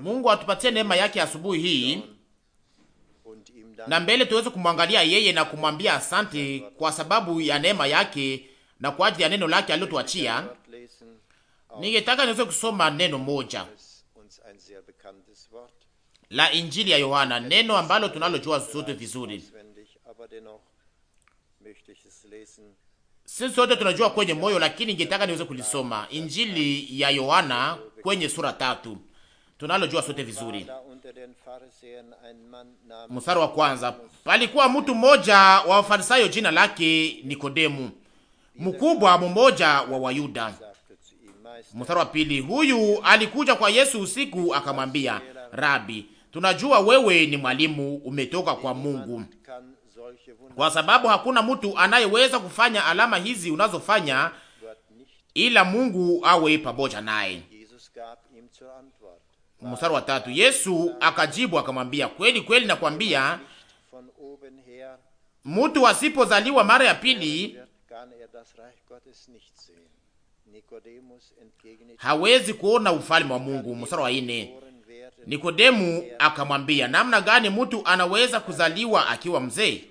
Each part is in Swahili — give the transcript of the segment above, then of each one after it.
Mungu atupatie neema yake asubuhi hii na mbele tuweze kumwangalia yeye na kumwambia asante kwa sababu ya neema yake na kwa ajili ya neno lake alilotuachia. Ningetaka niweze kusoma neno moja la Injili ya Yohana, neno ambalo tunalojua zote vizuri sisi sote tunajua kwenye moyo, lakini ningetaka niweze kulisoma Injili ya Yohana kwenye sura tatu, tunalojua sote vizuri, mstari wa kwanza. Palikuwa mtu mmoja wa Wafarisayo, jina lake Nikodemu, mkubwa mmoja wa Wayuda. Mstari wa pili, huyu alikuja kwa Yesu usiku akamwambia, Rabi, tunajua wewe ni mwalimu umetoka kwa Mungu kwa sababu hakuna mtu anayeweza kufanya alama hizi unazofanya ila Mungu awe pamoja naye. Mstari wa tatu, Yesu akajibu akamwambia, kweli kweli nakwambia, mtu asipozaliwa mara ya pili hawezi kuona ufalme wa Mungu. Mstari wa ine, Nikodemu akamwambia, namna gani mtu anaweza kuzaliwa akiwa mzee?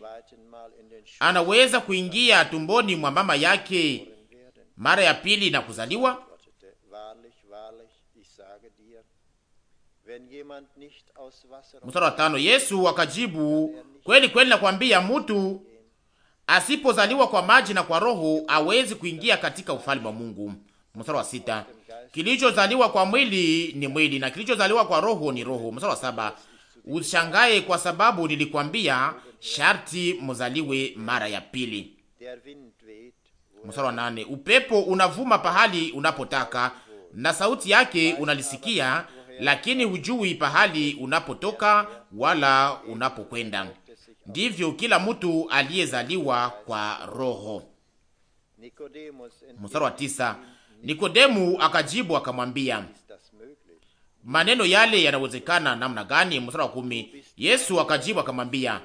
anaweza kuingia tumboni mwa mama yake mara ya pili na kuzaliwa? Mstari wa tano, Yesu akajibu, er kweli kweli nakwambia, mtu asipozaliwa kwa maji na kwa Roho awezi kuingia katika ufalme wa Mungu. Mstari wa sita, kilichozaliwa kwa mwili ni mwili na kilichozaliwa kwa Roho ni roho. Mstari wa saba, ushangae kwa sababu nilikwambia sharti muzaliwe mara ya pili. Mstari wa nane, upepo unavuma pahali unapotaka na sauti yake unalisikia, lakini hujui pahali unapotoka wala unapokwenda. Ndivyo kila mtu aliyezaliwa kwa Roho. Mstari wa tisa, Nikodemu akajibu akamwambia, maneno yale yanawezekana namna gani? Mstari wa kumi, Yesu akajibu akamwambia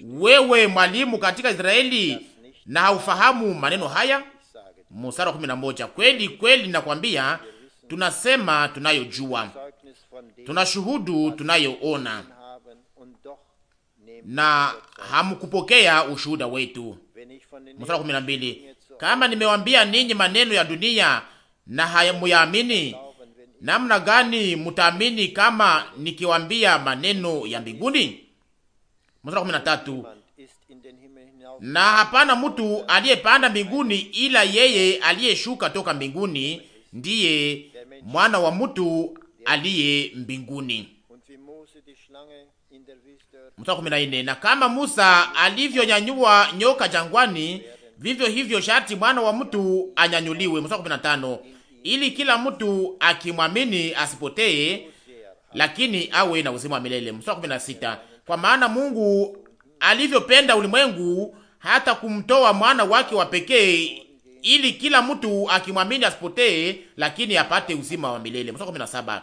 wewe mwalimu katika Israeli na haufahamu maneno haya? Mstari 11, kweli kweli nakwambia, tunasema tunayojua, tunashuhudu tunayoona, na hamkupokea ushuhuda wetu. Mstari 12, kama nimewambia ninyi maneno ya dunia na hamuyaamini, namna gani mtaamini kama nikiwambia maneno ya mbinguni? Mstari kumi na tatu, na hapana mtu aliyepanda mbinguni ila yeye aliyeshuka toka mbinguni, ndiye mwana wa mtu aliye mbinguni. Mstari kumi na nne, na kama Musa alivyonyanyua nyoka jangwani, vivyo hivyo sharti mwana wa mtu anyanyuliwe. Mstari kumi na tano, ili kila mtu akimwamini asipotee, lakini awe na uzima wa milele. Mstari kumi na sita kwa maana Mungu alivyopenda ulimwengu hata kumtoa mwana wake wa pekee ili kila mtu akimwamini asipotee, lakini apate uzima wa milele. Mstari 17.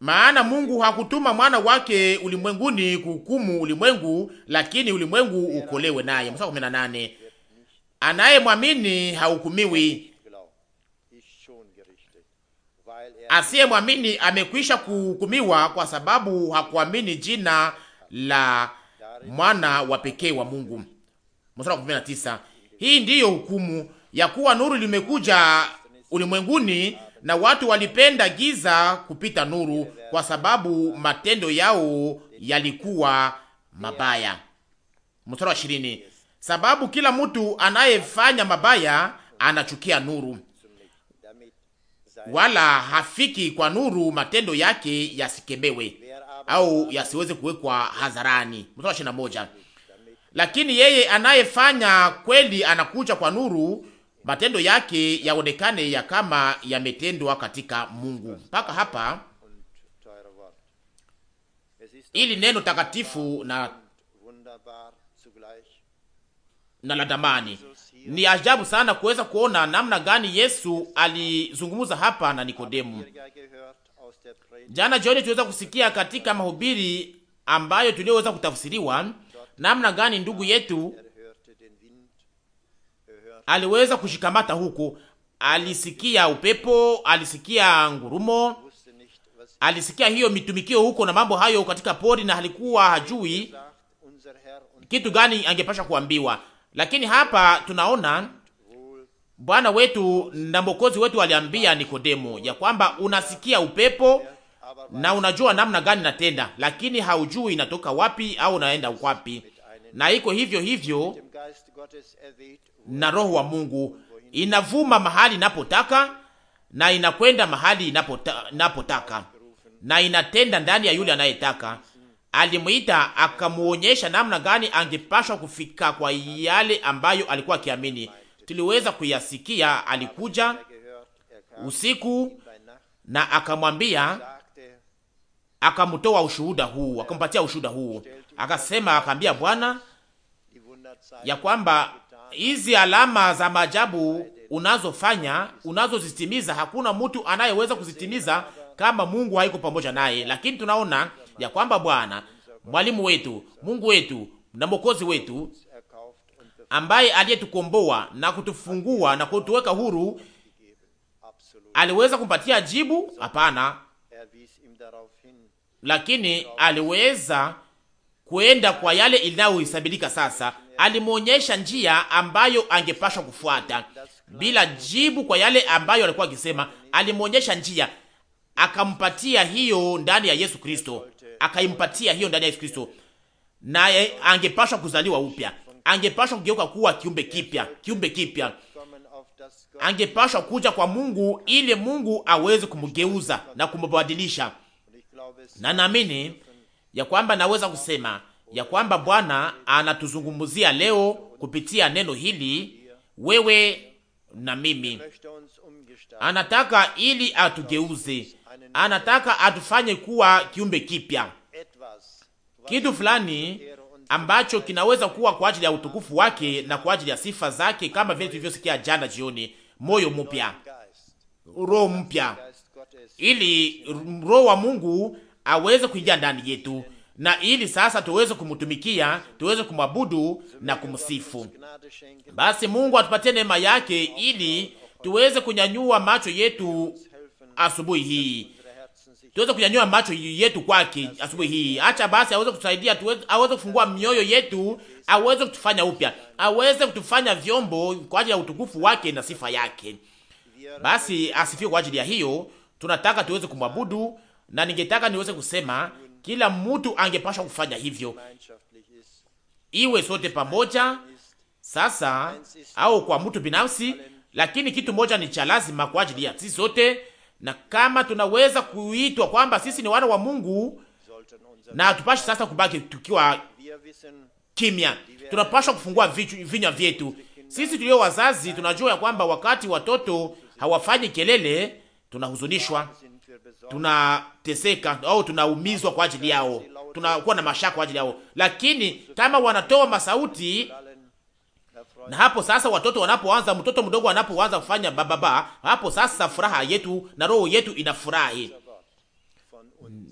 Maana Mungu hakutuma mwana wake ulimwenguni kuhukumu ulimwengu, lakini ulimwengu ukolewe naye. Mstari 18. Anayemwamini hahukumiwi, asiye mwamini amekwisha kuhukumiwa kwa sababu hakuamini jina la mwana wa pekee wa Mungu. Mstari 19. Hii ndiyo hukumu ya kuwa nuru limekuja ulimwenguni na watu walipenda giza kupita nuru kwa sababu matendo yao yalikuwa mabaya. Mstari wa 20. Sababu kila mtu anayefanya mabaya anachukia nuru wala hafiki kwa nuru matendo yake yasikemewe au yasiweze kuwekwa hadharani. Mstari ishirini na moja. Lakini yeye anayefanya kweli anakuja kwa nuru, matendo yake yaonekane ya kama yametendwa katika Mungu. Mpaka hapa, ili neno takatifu na na la damani ni ajabu sana kuweza kuona namna gani Yesu alizungumza hapa na Nikodemu. Jana jioni tuweza kusikia katika mahubiri ambayo tuliyoweza kutafsiriwa namna gani ndugu yetu aliweza kushikamata huko. Alisikia upepo, alisikia ngurumo, alisikia hiyo mitumikio huko na mambo hayo katika pori, na alikuwa hajui kitu gani angepasha kuambiwa. Lakini hapa tunaona Bwana wetu na Mwokozi wetu aliambia Nikodemo ya kwamba unasikia upepo na unajua namna gani natenda, lakini haujui inatoka wapi au unaenda wapi. Na iko hivyo hivyo na Roho wa Mungu inavuma mahali inapotaka na inakwenda mahali inapotaka na inatenda ndani ya yule anayetaka alimwita akamuonyesha namna gani angepashwa kufika kwa yale ambayo alikuwa akiamini. Tuliweza kuyasikia, alikuja usiku na akamwambia, akamtoa ushuhuda huu, akampatia ushuhuda huu, akasema, akaambia Bwana ya kwamba hizi alama za maajabu unazofanya unazozitimiza, hakuna mtu anayeweza kuzitimiza kama Mungu haiko pamoja naye. Lakini tunaona ya kwamba Bwana mwalimu wetu, Mungu wetu na mwokozi wetu, ambaye aliyetukomboa na kutufungua na kutuweka huru, aliweza kumpatia jibu? Hapana, lakini aliweza kuenda kwa yale inayohesabilika sasa. Alimwonyesha njia ambayo angepashwa kufuata bila jibu kwa yale ambayo alikuwa akisema. Alimwonyesha njia, akampatia hiyo ndani ya Yesu Kristo akaimpatia hiyo ndani ya Yesu Kristo, naye angepashwa kuzaliwa upya, angepashwa kugeuka kuwa kiumbe kipya, kiumbe kipya angepashwa kuja kwa Mungu ili Mungu aweze kumgeuza na kumbadilisha. Na naamini ya kwamba naweza kusema ya kwamba Bwana anatuzungumzia leo kupitia neno hili, wewe na mimi, anataka ili atugeuze anataka atufanye kuwa kiumbe kipya, kitu fulani ambacho kinaweza kuwa kwa ajili ya utukufu wake na kwa ajili ya sifa zake, kama vile tulivyosikia jana jioni, moyo mpya, roho mpya, ili roho wa Mungu aweze kuingia ndani yetu na ili sasa tuweze kumtumikia, tuweze kumwabudu na kumsifu. Basi Mungu atupatie neema yake ili tuweze kunyanyua macho yetu asubuhi hii, tuweze kunyanyua macho yetu kwake asubuhi hii. Acha basi aweze kutusaidia, aweze kufungua mioyo yetu, aweze kutufanya upya, aweze kutufanya vyombo kwa ajili ya utukufu wake na sifa yake. Basi asifiwe kwa ajili ya hiyo. Tunataka tuweze kumwabudu, na ningetaka niweze kusema kila mtu angepashwa kufanya hivyo, iwe sote pamoja sasa, au kwa mtu binafsi, lakini kitu moja ni cha lazima kwa ajili ya sisi sote na kama tunaweza kuitwa kwamba sisi ni wana wa Mungu, na hatupashi sasa kubaki tukiwa kimya, tunapashwa kufungua vinywa vyetu. Sisi tulio wazazi tunajua ya kwamba wakati watoto hawafanyi kelele, tunahuzunishwa, tunateseka au tunaumizwa kwa ajili yao, tunakuwa na mashaka kwa ajili yao, lakini kama wanatoa masauti na hapo sasa watoto wanapoanza, mtoto mdogo anapoanza kufanya bababa, hapo sasa furaha yetu na roho yetu inafurahi.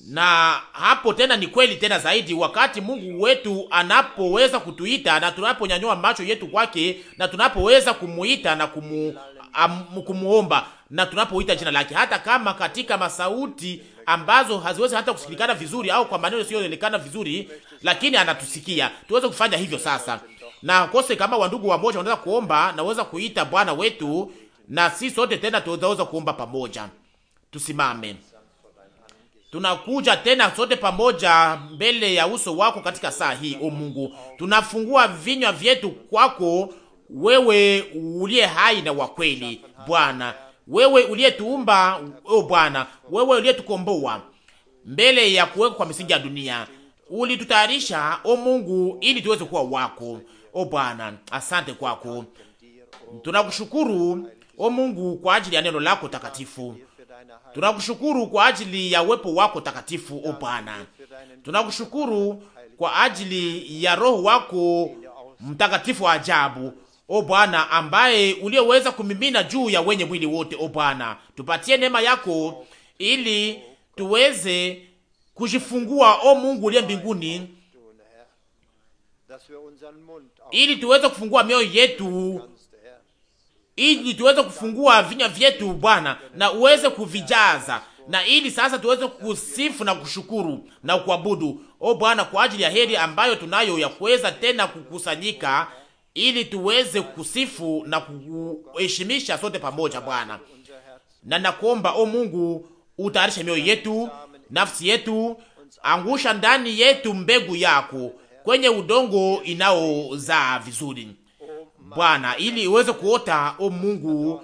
Na hapo tena ni kweli tena zaidi, wakati Mungu wetu anapoweza kutuita na tunaponyanyua macho yetu kwake na tunapoweza kumuita na kumu, am, kumuomba na tunapoita jina lake, hata kama katika masauti ambazo haziwezi hata kusikilikana vizuri au kwa maneno siyoelekana vizuri, lakini anatusikia. Tuweze kufanya hivyo sasa na kose kama wandugu moja wanaweza kuomba, naweza kuita Bwana wetu, na si sote tena tuweza kuomba pamoja. Tusimame, tunakuja tena sote pamoja mbele ya uso wako katika saa hii. O Mungu, tunafungua vinywa vyetu kwako, wewe uliye hai na wa kweli, Bwana, wewe uliyetuumba, o Bwana, wewe uliyetukomboa mbele ya kuwekwa kwa misingi ya dunia, ulitutayarisha o Mungu, ili tuweze kuwa wako O Bwana, asante kwako, tunakushukuru o Mungu kwa ajili ya neno lako takatifu. Tunakushukuru kwa ajili ya uwepo wako takatifu, o Bwana. Tunakushukuru kwa ajili ya Roho wako mtakatifu wa ajabu, o Bwana, ambaye ulioweza kumimina juu ya wenye mwili wote. O Bwana, tupatie neema yako ili tuweze kujifungua, o Mungu uliye mbinguni, ili tuweze kufungua mioyo yetu, ili tuweze kufungua vinywa vyetu Bwana, na uweze kuvijaza na ili sasa tuweze kusifu na kushukuru na kuabudu o Bwana kwa ajili ya heri ambayo tunayo ya kuweza tena kukusanyika ili tuweze kusifu na kuheshimisha sote pamoja Bwana. Na nakuomba o Mungu, utayarishe mioyo yetu, nafsi yetu, angusha ndani yetu mbegu yako kwenye udongo inaozaa vizuri. Bwana, ili iweze kuota, o Mungu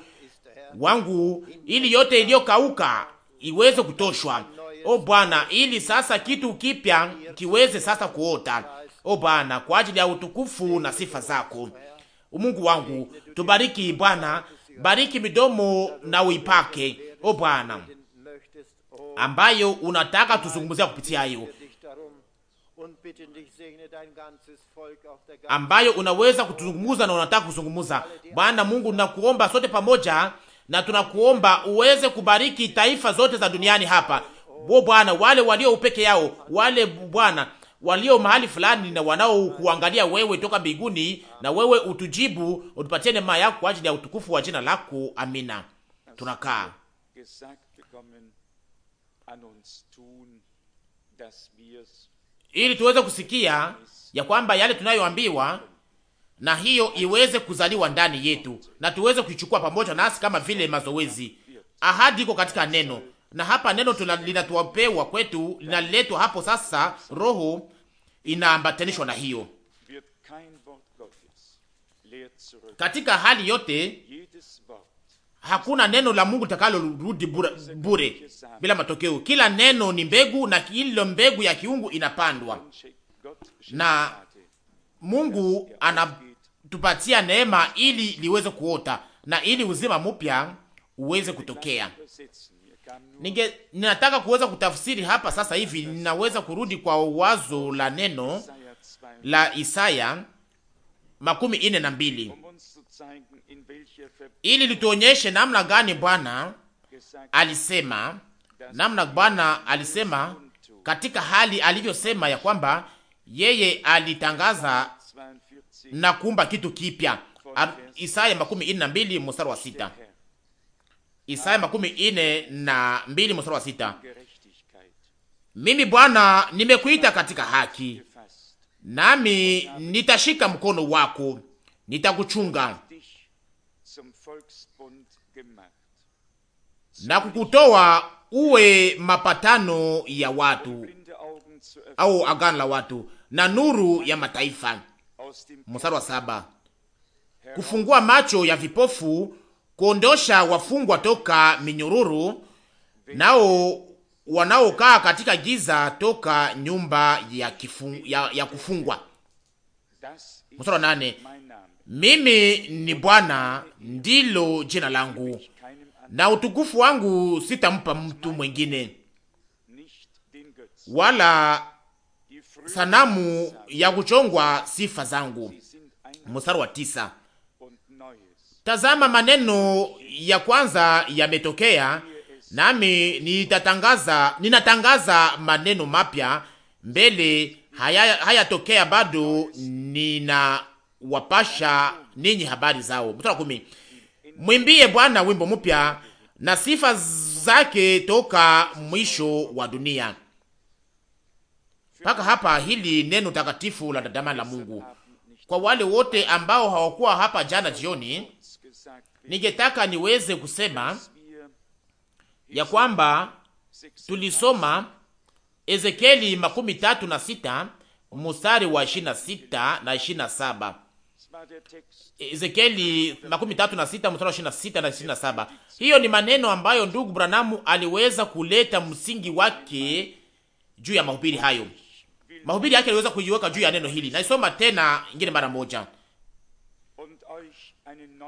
wangu, ili yote iliyokauka iweze kutoshwa, o Bwana, ili sasa kitu kipya kiweze sasa kuota, o Bwana, kwa ajili ya utukufu na sifa zako. Mungu wangu, tubariki Bwana, bariki midomo na uipake, o Bwana, ambayo unataka tuzungumzia kupitia hiyo ambayo unaweza kutuzungumuza na unataka kuzungumuza. Bwana Mungu, nakuomba sote pamoja, na tunakuomba uweze kubariki taifa zote za duniani hapa bo Bwana, wale walio upeke yao, wale Bwana walio mahali fulani na wanaokuangalia wewe toka mbinguni, na wewe utujibu, utupatie neema yako kwa ajili ya utukufu wa jina lako. Amina. Tunakaa ili tuweze kusikia ya kwamba yale tunayoambiwa na hiyo iweze kuzaliwa ndani yetu na tuweze kuichukua pamoja nasi kama vile mazoezi. Ahadi iko katika neno, na hapa neno linatuwapewa kwetu, linaletwa hapo sasa. Roho inaambatanishwa na hiyo. Katika hali yote hakuna neno la Mungu litakalorudi bure bila matokeo. Kila neno ni mbegu, na kilo mbegu ya kiungu inapandwa na Mungu anatupatia neema ili liweze kuota na ili uzima mpya uweze kutokea. Ninge, ninataka kuweza kutafsiri hapa sasa hivi, ninaweza kurudi kwa wazo la neno la Isaya makumi ine na mbili ili lituonyeshe namna gani Bwana alisema, namna Bwana alisema katika hali alivyosema ya kwamba yeye alitangaza na kuumba kitu kipya. Isaya makumi ine na mbili mstari wa sita. Isaya makumi ine na mbili mstari wa sita. Mimi Bwana nimekuita katika haki, nami nitashika mkono wako, nitakuchunga na kukutoa uwe mapatano ya watu au agano la watu na nuru ya mataifa. Mstari wa saba, kufungua macho ya vipofu, kuondosha wafungwa toka minyururu nao wanaokaa katika giza toka nyumba ya, kifu, ya, ya kufungwa. Mstari wa nane, mimi ni Bwana ndilo jina langu na utukufu wangu sitampa mtu mwengine, wala sanamu ya kuchongwa sifa zangu. Mstari wa tisa. Tazama, maneno ya kwanza yametokea, nami nitatangaza, ninatangaza maneno mapya mbele hayatokea haya bado, ninawapasha ninyi habari zao. Mstari wa kumi. Mwimbie Bwana wimbo mpya na sifa zake toka mwisho wa dunia. Mpaka hapa hili neno takatifu la dadama la Mungu kwa wale wote ambao hawakuwa hapa jana jioni, ningetaka niweze kusema ya kwamba tulisoma Ezekieli makumi tatu na sita mstari wa ishirini na sita na ishirini na saba Ezekieli makumi tatu na sita mstari wa ishirini na sita na ishirini na saba. Hiyo ni maneno ambayo ndugu Branamu aliweza kuleta msingi wake juu ya mahubiri hayo. Mahubiri yake aliweza kuiweka juu ya neno hili. Naisoma tena ingine mara moja.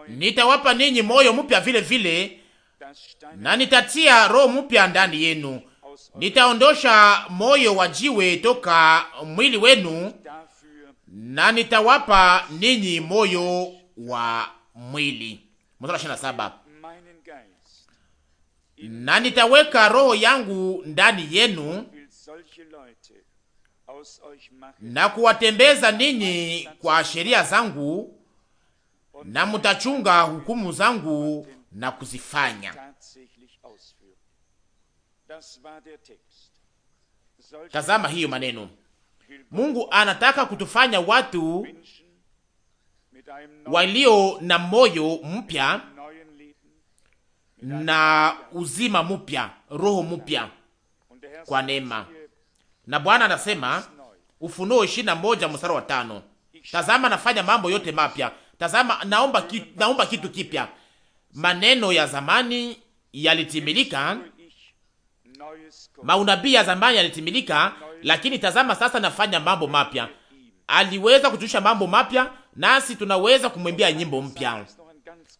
Nitawapa ninyi moyo mpya vile vile, na nitatia roho mpya ndani yenu. Nitaondosha moyo wa jiwe toka mwili wenu na nitawapa ninyi moyo wa mwili. Mstari ishirini na saba na nitaweka roho yangu ndani yenu na kuwatembeza ninyi kwa sheria zangu, na mtachunga hukumu zangu na kuzifanya. Tazama hiyo maneno Mungu anataka kutufanya watu walio na moyo mpya na uzima mpya, roho mpya kwa neema. Na Bwana anasema Ufunuo ishirini na moja mstari wa tano, tazama nafanya mambo yote mapya, tazama naomba kitu, naomba kitu kipya, maneno ya zamani yalitimilika, maunabii ya zamani yalitimilika lakini tazama sasa nafanya mambo mapya. Aliweza kutusha mambo mapya, nasi tunaweza kumwimbia nyimbo mpya.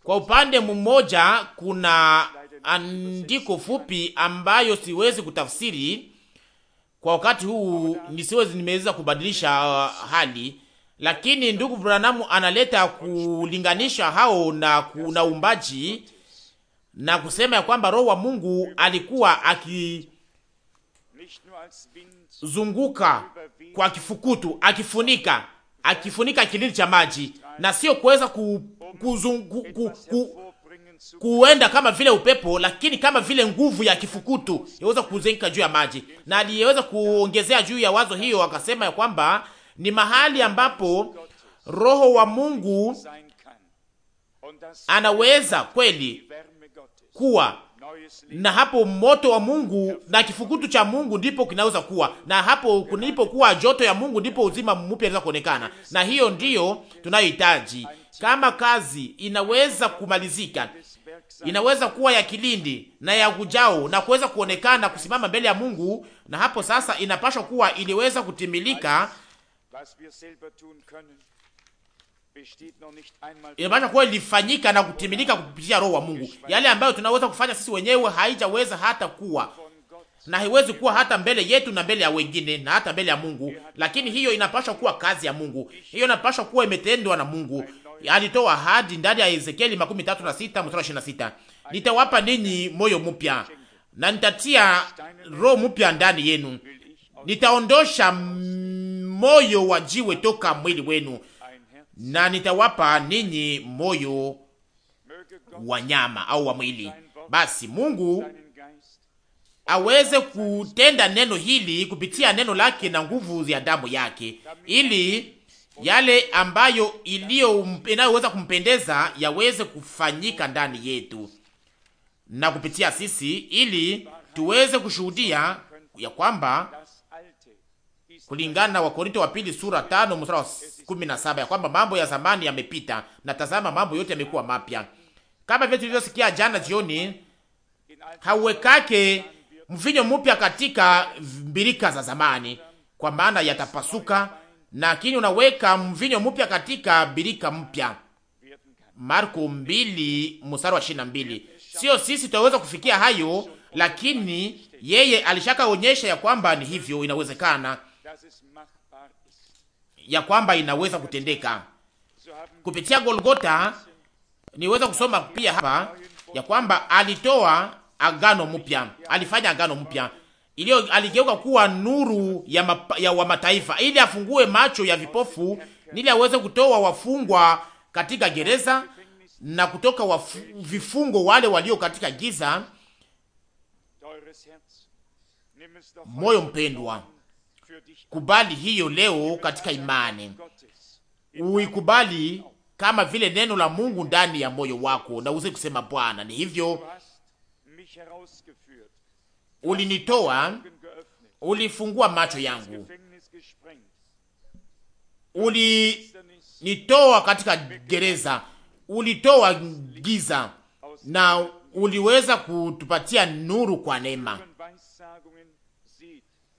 Kwa upande mmoja, kuna andiko fupi ambayo siwezi kutafsiri kwa wakati huu, nisiwezi nimeweza kubadilisha uh, hali, lakini ndugu branamu analeta kulinganisha hao na kuna umbaji na kusema ya kwamba roho wa Mungu alikuwa aki kuzunguka kwa kifukutu, akifunika akifunika kilindi cha maji, na sio kuweza ku, ku, ku, ku, kuenda kama vile upepo, lakini kama vile nguvu ya kifukutu yaweza kuzengika juu ya maji. Na aliyeweza kuongezea juu ya wazo hiyo akasema ya kwamba ni mahali ambapo Roho wa Mungu anaweza kweli kuwa na hapo moto wa Mungu na kifukutu cha Mungu ndipo kinaweza kuwa, na hapo kunipokuwa joto ya Mungu ndipo uzima mpya unaweza kuonekana, na hiyo ndiyo tunayohitaji. Kama kazi inaweza kumalizika, inaweza kuwa ya kilindi na ya kujao na kuweza kuonekana kusimama mbele ya Mungu, na hapo sasa inapaswa kuwa iliweza kutimilika inamaanisha kuwa ilifanyika na kutimilika kupitia Roho wa Mungu. Yale ambayo tunaweza kufanya sisi wenyewe haijaweza hata kuwa na haiwezi kuwa hata mbele yetu na mbele ya wengine na hata mbele ya Mungu, lakini hiyo inapashwa kuwa kazi ya Mungu, hiyo inapashwa kuwa imetendwa na Mungu. Alitoa ahadi ndani ya Ezekieli makumi tatu na sita mstari ishirini na sita nitawapa ninyi moyo mpya na nitatia roho mpya ndani yenu, nitaondosha moyo wa jiwe toka mwili wenu na nitawapa ninyi moyo wa nyama au wa mwili. Basi Mungu aweze kutenda neno hili kupitia neno lake na nguvu ya damu yake, ili yale ambayo iliyo inayoweza kumpendeza yaweze kufanyika ndani yetu na kupitia sisi, ili tuweze kushuhudia ya kwamba kulingana na Wakorinto wa pili sura tano mstari wa kumi na saba ya kwamba mambo ya zamani yamepita na tazama mambo yote yamekuwa mapya. Kama vile tulivyosikia jana jioni, hauwekake mvinyo mpya katika birika za zamani, kwa maana yatapasuka, lakini unaweka mvinyo mpya katika birika mpya. Marko mbili mstari wa mbili. Sio sisi tutaweza kufikia hayo, lakini yeye alishakaonyesha ya kwamba ni hivyo inawezekana ya kwamba inaweza kutendeka kupitia Golgota. Niweza kusoma pia hapa ya kwamba alitoa agano mpya, alifanya agano mpya iliyo, aligeuka kuwa nuru ya, ma, ya wa mataifa ili afungue macho ya vipofu, ili aweze kutoa wafungwa katika gereza na kutoka wafu, vifungo wale walio katika giza. Moyo mpendwa kubali hiyo leo katika imani, uikubali kama vile neno la Mungu ndani ya moyo wako, na uze kusema Bwana, ni hivyo, ulinitoa, ulifungua macho yangu, ulinitoa katika gereza, ulitoa giza na uliweza kutupatia nuru kwa neema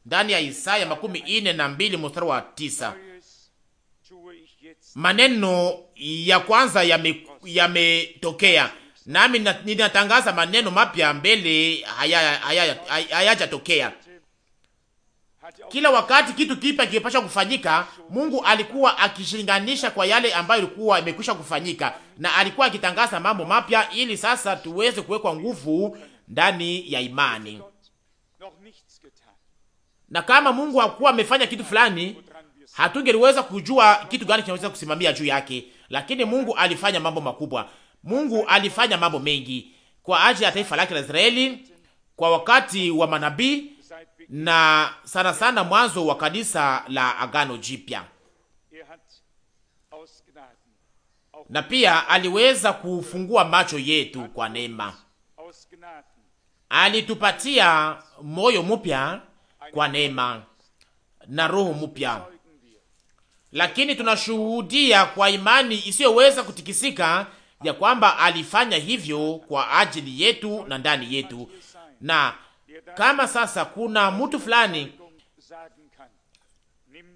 ndani ya Isaya makumi ine na mbili mstari wa tisa. Maneno ya kwanza yametokea ya nami na, ninatangaza maneno mapya mbele hayajatokea haya, haya. Kila wakati kitu kipya kipasha kufanyika, Mungu alikuwa akishinganisha kwa yale ambayo ilikuwa imekwisha kufanyika, na alikuwa akitangaza mambo mapya ili sasa tuweze kuwekwa nguvu ndani ya imani na kama Mungu hakuwa amefanya kitu fulani, hatungeliweza kujua kitu gani kinaweza kusimamia juu yake. Lakini Mungu alifanya mambo makubwa, Mungu alifanya mambo mengi kwa ajili ya taifa lake la Israeli kwa wakati wa manabii na sana sana mwanzo wa kanisa la Agano Jipya, na pia aliweza kufungua macho yetu kwa neema, alitupatia moyo mpya kwa neema na roho mpya, lakini tunashuhudia kwa imani isiyoweza kutikisika ya kwamba alifanya hivyo kwa ajili yetu na ndani yetu. Na kama sasa kuna mtu fulani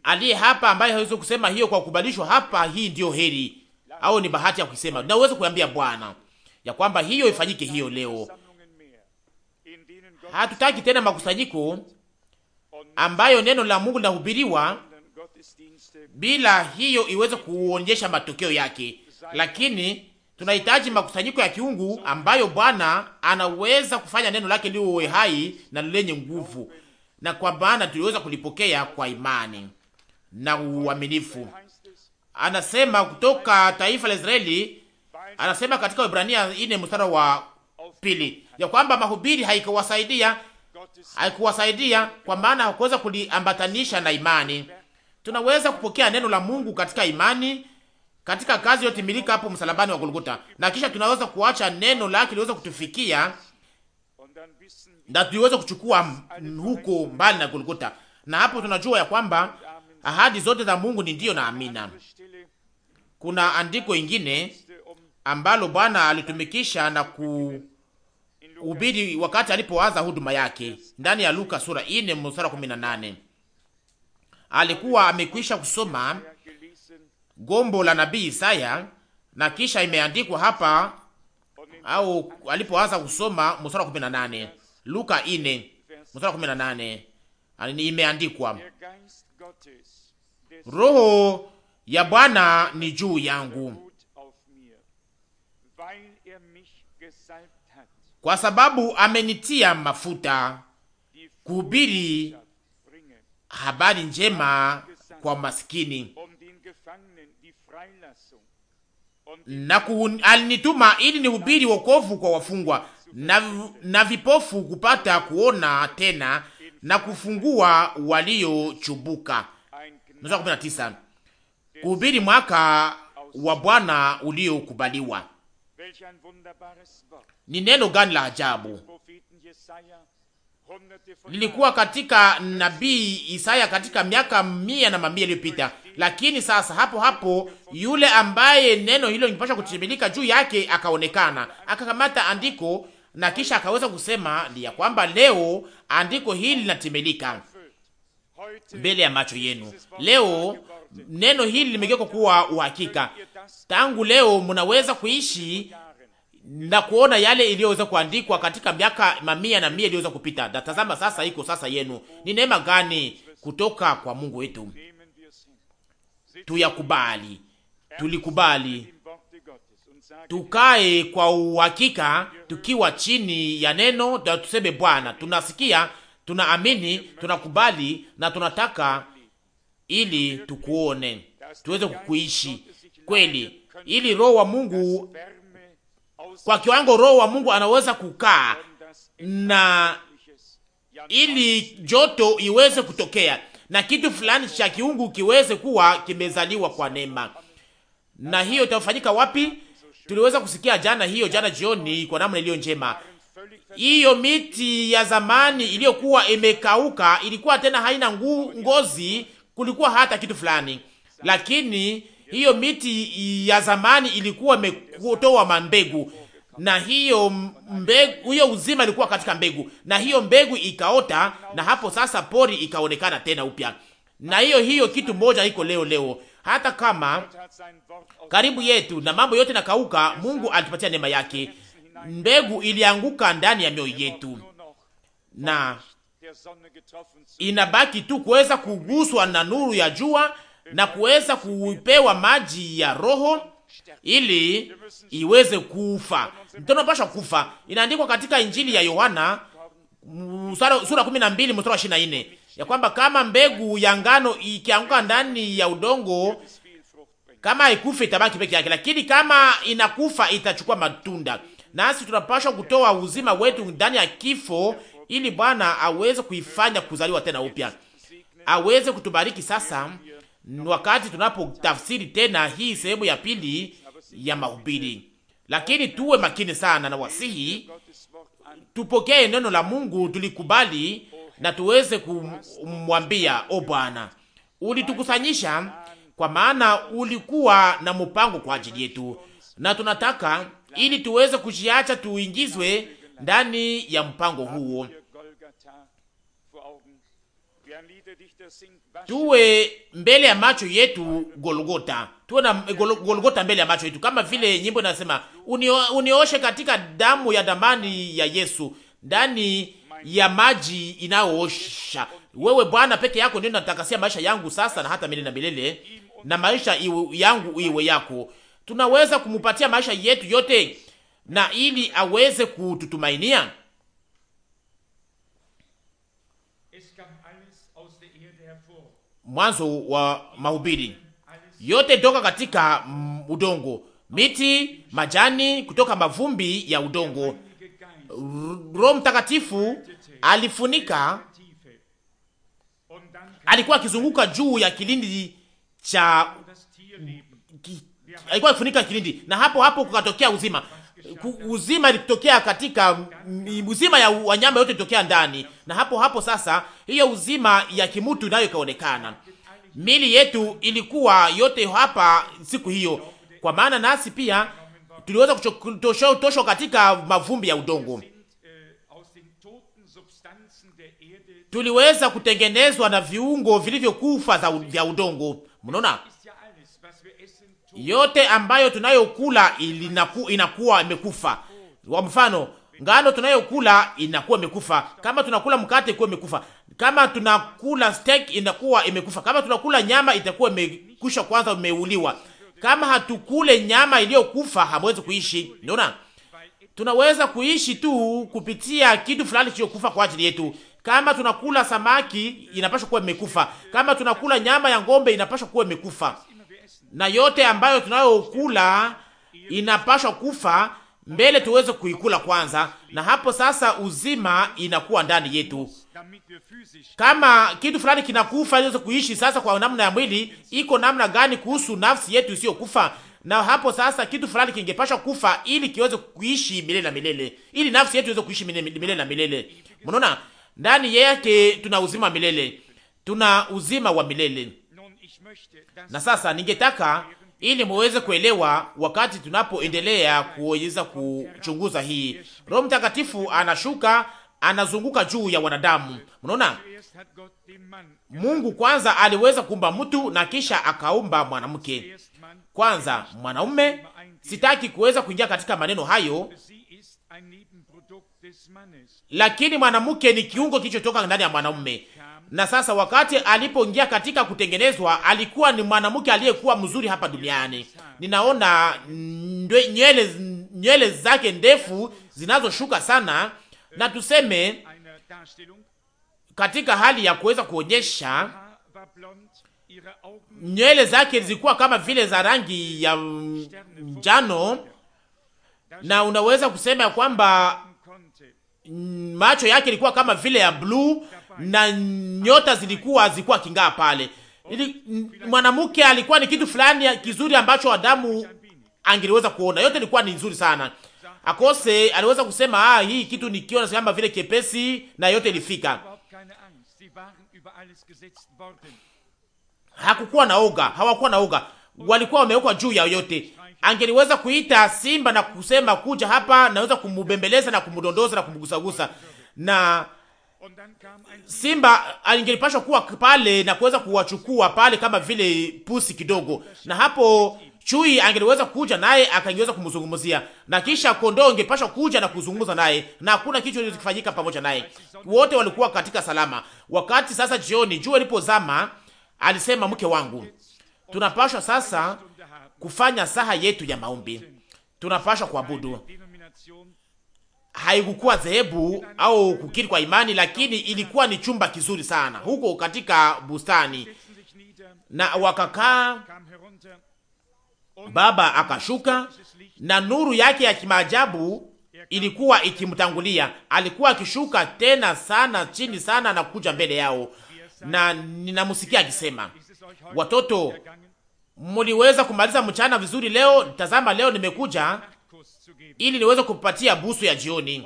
aliye hapa ambaye hawezi kusema hiyo kwa kukubalishwa hapa, hii ndiyo heri au ni bahati ya kuisema, na uweze kuambia Bwana ya kwamba hiyo ifanyike hiyo leo. Hatutaki tena makusanyiko ambayo neno la Mungu linahubiriwa bila hiyo iweze kuonyesha matokeo yake, lakini tunahitaji makusanyiko ya kiungu ambayo Bwana anaweza kufanya neno lake liwe hai na lenye nguvu, na kwa maana tuliweza kulipokea kwa imani na uaminifu. Anasema kutoka taifa la Israeli, anasema katika Ibrania ine mstari wa pili ya kwamba mahubiri haikawasaidia haikuwasaidia kwa maana hakuweza kuliambatanisha na imani. Tunaweza kupokea neno la Mungu katika imani, katika kazi yote hapo msalabani wa Golgota, na kisha tunaweza kuacha neno lake liweze kutufikia na tuiweze kuchukua huko mbali na Golgota, na hapo tunajua ya kwamba ahadi zote za Mungu ni ndiyo na amina. Kuna andiko ingine ambalo Bwana alitumikisha na ku ubiri wakati alipoanza huduma yake ndani ya Luka sura 4 mstari kumi alikuwa amekwisha kusoma gombo la nabii Isaya na kisha imeandikwa hapa au alipoanza kusoma mstari wa 18 Luka 4 mstari wa 18 yaani imeandikwa, Roho ya Bwana ni juu yangu, kwa sababu amenitia mafuta kuhubiri habari njema kwa maskini na alinituma ili nihubiri wokovu kwa wafungwa na, na vipofu kupata kuona tena na kufungua waliochubuka. Kuhubiri mwaka wa Bwana uliokubaliwa. Ni neno gani la ajabu lilikuwa katika nabii Isaya katika miaka mia na mamia iliyopita, lakini sasa hapo hapo yule ambaye neno hilo lingepasha kutimilika juu yake akaonekana, akakamata andiko na kisha akaweza kusema ya kwamba leo andiko hili linatimilika mbele ya macho yenu. Leo neno hili limegeuka kuwa uhakika. Tangu leo mnaweza kuishi na kuona yale iliyoweza kuandikwa katika miaka mamia na mia iliyoweza kupita. Natazama sasa, iko sasa yenu. Ni neema gani kutoka kwa Mungu wetu! Tuyakubali, tulikubali, tukae kwa uhakika, tukiwa chini ya neno na tuseme, Bwana, tunasikia, tunaamini, tunakubali na tunataka, ili tukuone, tuweze kukuishi kweli, ili Roho wa Mungu kwa kiwango Roho wa Mungu anaweza kukaa na ili joto iweze kutokea na kitu fulani cha kiungu kiweze kuwa kimezaliwa kwa neema. Na hiyo itafanyika wapi? Tuliweza kusikia jana hiyo jana jioni kwa namna iliyo njema. Hiyo miti ya zamani iliyokuwa imekauka ilikuwa tena haina ngu, ngozi, kulikuwa hata kitu fulani, lakini hiyo miti ya zamani ilikuwa imetoa mambegu na hiyo mbegu, hiyo uzima ilikuwa katika mbegu, na hiyo mbegu ikaota, na hapo sasa pori ikaonekana tena upya. Na hiyo hiyo kitu moja iko leo leo, hata kama karibu yetu na mambo yote nakauka, Mungu alitupatia neema yake. Mbegu ilianguka ndani ya mioyo yetu na inabaki tu kuweza kuguswa na nuru ya jua na kuweza kupewa maji ya Roho ili iweze kufa mtoto anapasha kufa. Inaandikwa katika Injili ya Yohana sura 12 mstari wa 24 ya kwamba kama mbegu ya ngano ikianguka ndani ya udongo, kama haikufa itabaki peke yake, lakini kama inakufa itachukua matunda. Nasi tunapaswa kutoa uzima wetu ndani ya kifo, ili Bwana aweze kuifanya kuzaliwa tena upya, aweze kutubariki sasa, wakati tunapotafsiri tena hii sehemu ya pili ya mahubiri. Lakini tuwe makini sana na wasihi, tupokee neno la Mungu, tulikubali na tuweze kumwambia, o Bwana, ulitukusanyisha kwa maana ulikuwa na mpango kwa ajili yetu, na tunataka ili tuweze kujiacha tuingizwe ndani ya mpango huo. tuwe mbele ya macho yetu Golgota, tuwe na Golgota mbele ya macho yetu, kama vile nyimbo inasema unio, unioshe katika damu ya damani ya Yesu, ndani ya maji inayoosha. Wewe Bwana peke yako ndio natakasia maisha yangu sasa na hata milele na milele, na maisha iwe yangu iwe yako. Tunaweza kumupatia maisha yetu yote, na ili aweze kututumainia mwanzo wa mahubiri, yote toka katika mm, udongo, miti, majani, kutoka mavumbi ya udongo. Roho Mtakatifu alifunika, alikuwa akizunguka juu ya kilindi cha, alikuwa akifunika kilindi, na hapo hapo kukatokea uzima uzima ilitokea katika uzima ya wanyama yote ilitokea ndani, na hapo hapo sasa hiyo uzima ya kimutu nayo ikaonekana. Mili yetu ilikuwa yote hapa siku hiyo, kwa maana nasi pia tuliweza kutoshwa katika mavumbi ya udongo, tuliweza kutengenezwa na viungo vilivyokufa vya udongo. Mnaona yote ambayo tunayokula ilinaku, inakuwa imekufa. Kwa mfano ngano tunayokula inakuwa imekufa, kama tunakula mkate ikuwa imekufa, kama tunakula steak inakuwa imekufa, kama tunakula nyama itakuwa imekusha kwanza imeuliwa. Kama hatukule nyama iliyokufa hamwezi kuishi. Unaona, tunaweza kuishi tu kupitia kitu fulani kilichokufa kwa ajili yetu. Kama tunakula samaki inapaswa kuwa imekufa, kama tunakula nyama ya ng'ombe inapaswa kuwa imekufa na yote ambayo tunayokula inapashwa kufa mbele tuweze kuikula kwanza, na hapo sasa uzima inakuwa ndani yetu. Kama kitu fulani kinakufa iweze kuishi sasa kwa namna ya mwili, iko namna gani kuhusu nafsi yetu isiyokufa? Na hapo sasa kitu fulani kingepashwa kufa ili kiweze kuishi milele na milele, ili nafsi yetu iweze kuishi milele na milele. Mnaona, ndani yake tuna uzima milele, tuna uzima wa milele. Na sasa ningetaka ili muweze kuelewa wakati tunapoendelea kuweza kuchunguza hii. Roho Mtakatifu anashuka anazunguka juu ya wanadamu. Mnaona, Mungu kwanza aliweza kuumba mtu na kisha akaumba mwanamke kwanza, mwanaume. Sitaki kuweza kuingia katika maneno hayo, lakini mwanamke ni kiungo kilichotoka ndani ya mwanaume na sasa wakati alipoingia katika kutengenezwa alikuwa ni mwanamke aliyekuwa mzuri hapa duniani. Ninaona nywele nywele zake ndefu zinazoshuka sana, na tuseme katika hali ya kuweza kuonyesha nywele zake zilikuwa kama vile za rangi ya njano, na unaweza kusema kwamba mm, macho yake ilikuwa kama vile ya bluu na nyota zilikuwa zilikuwa kingaa pale. Mwanamke alikuwa ni kitu fulani kizuri ambacho Adamu angeliweza kuona, yote ilikuwa ni nzuri sana. Akose aliweza kusema ah, hii kitu nikiona kama vile kepesi, na yote ilifika. Hakukuwa na oga, hawakuwa na oga, walikuwa wamewekwa juu ya yote. Angeliweza kuita simba na kusema kuja hapa, naweza kumubembeleza na kumdondoza na kumgusagusa na, kumugusa, na simba alingelipashwa kuwa pale na kuweza kuwachukua pale kama vile pusi kidogo, na hapo chui angeliweza kuja naye akangeweza kumzungumzia, na kisha kondoo ingepashwa kuja na kuzungumza naye, na hakuna kitu kilichofanyika pamoja naye. Wote walikuwa katika salama. Wakati sasa jioni jua lipozama, alisema mke wangu, tunapashwa sasa kufanya saha yetu ya maombi, tunapashwa kuabudu, haikukuwa dhehebu au kukiri kwa imani, lakini ilikuwa ni chumba kizuri sana huko katika bustani, na wakakaa. Baba akashuka na nuru yake ya kimaajabu ilikuwa ikimtangulia. Alikuwa akishuka tena sana chini sana na kuja mbele yao, na ninamsikia akisema, watoto, muliweza kumaliza mchana vizuri leo? Tazama, leo nimekuja ili niweze kupatia busu ya jioni.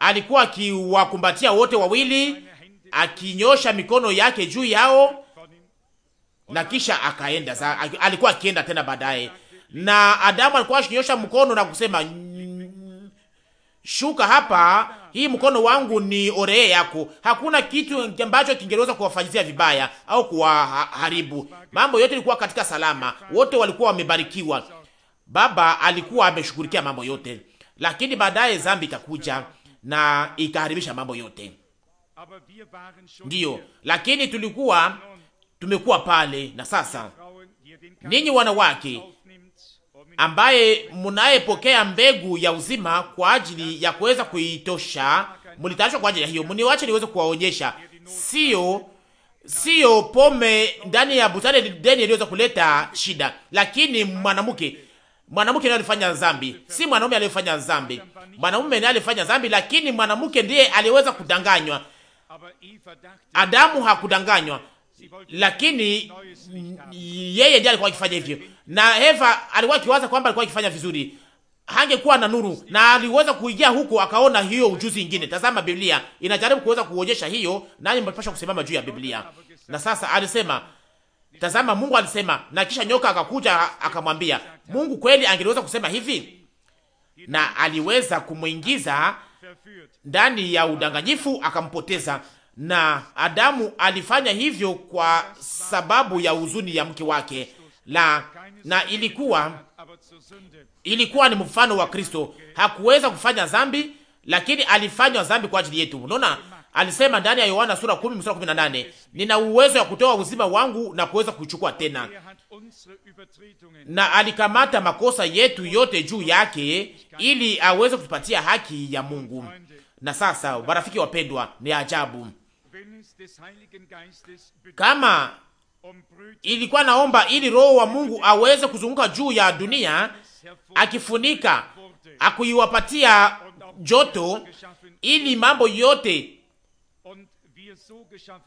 Alikuwa akiwakumbatia wote wawili, akinyosha mikono yake juu yao, na kisha akaenda za, alikuwa akienda tena baadaye, na Adamu alikuwa akinyosha mkono na kusema shuka hapa, hii mkono wangu ni orehe yako. Hakuna kitu ambacho kingeweza kuwafanyizia vibaya au kuwaharibu. Mambo yote ilikuwa katika salama, wote walikuwa wamebarikiwa baba alikuwa ameshughulikia mambo yote, lakini baadaye zambi ikakuja na ikaharibisha mambo yote. Ndiyo, lakini tulikuwa tumekuwa pale. Na sasa ninyi wanawake um ambaye mnayepokea mbegu ya uzima kwa ajili ya kuweza kuitosha, mlitayarishwa kwa ajili ya hiyo. Mniwache niweze kuwaonyesha, sio sio pome ndani ya bustani deni iliyoweza kuleta shida, lakini mwanamke mwanamke ndiye alifanya dhambi, si mwanaume aliyefanya dhambi. Mwanaume ndiye alifanya dhambi, lakini mwanamke ndiye aliweza kudanganywa. Adamu hakudanganywa, lakini yeye ndiye alikuwa akifanya hivyo, na Eva alikuwa akiwaza kwamba alikuwa akifanya vizuri, hangekuwa na nuru, na aliweza kuingia huko akaona hiyo ujuzi ingine. Tazama, Biblia inajaribu kuweza kuonyesha hiyo, nanyi mnapaswa kusimama juu ya Biblia. Na sasa alisema Tazama, Mungu alisema, na kisha nyoka akakuja akamwambia. Mungu kweli angeliweza kusema hivi? Na aliweza kumwingiza ndani ya udanganyifu, akampoteza. Na Adamu alifanya hivyo kwa sababu ya huzuni ya mke wake la, na ilikuwa ilikuwa ni mfano wa Kristo. Hakuweza kufanya dhambi, lakini alifanywa dhambi kwa ajili yetu. Unaona? Alisema ndani ya Yohana sura 10 mstari 18, nina uwezo wa kutoa uzima wangu na kuweza kuchukua tena. Na alikamata makosa yetu yote juu yake ili aweze kutupatia haki ya Mungu. Na sasa, marafiki wapendwa, ni ajabu kama ilikuwa naomba ili Roho wa Mungu aweze kuzunguka juu ya dunia akifunika, akuiwapatia joto ili mambo yote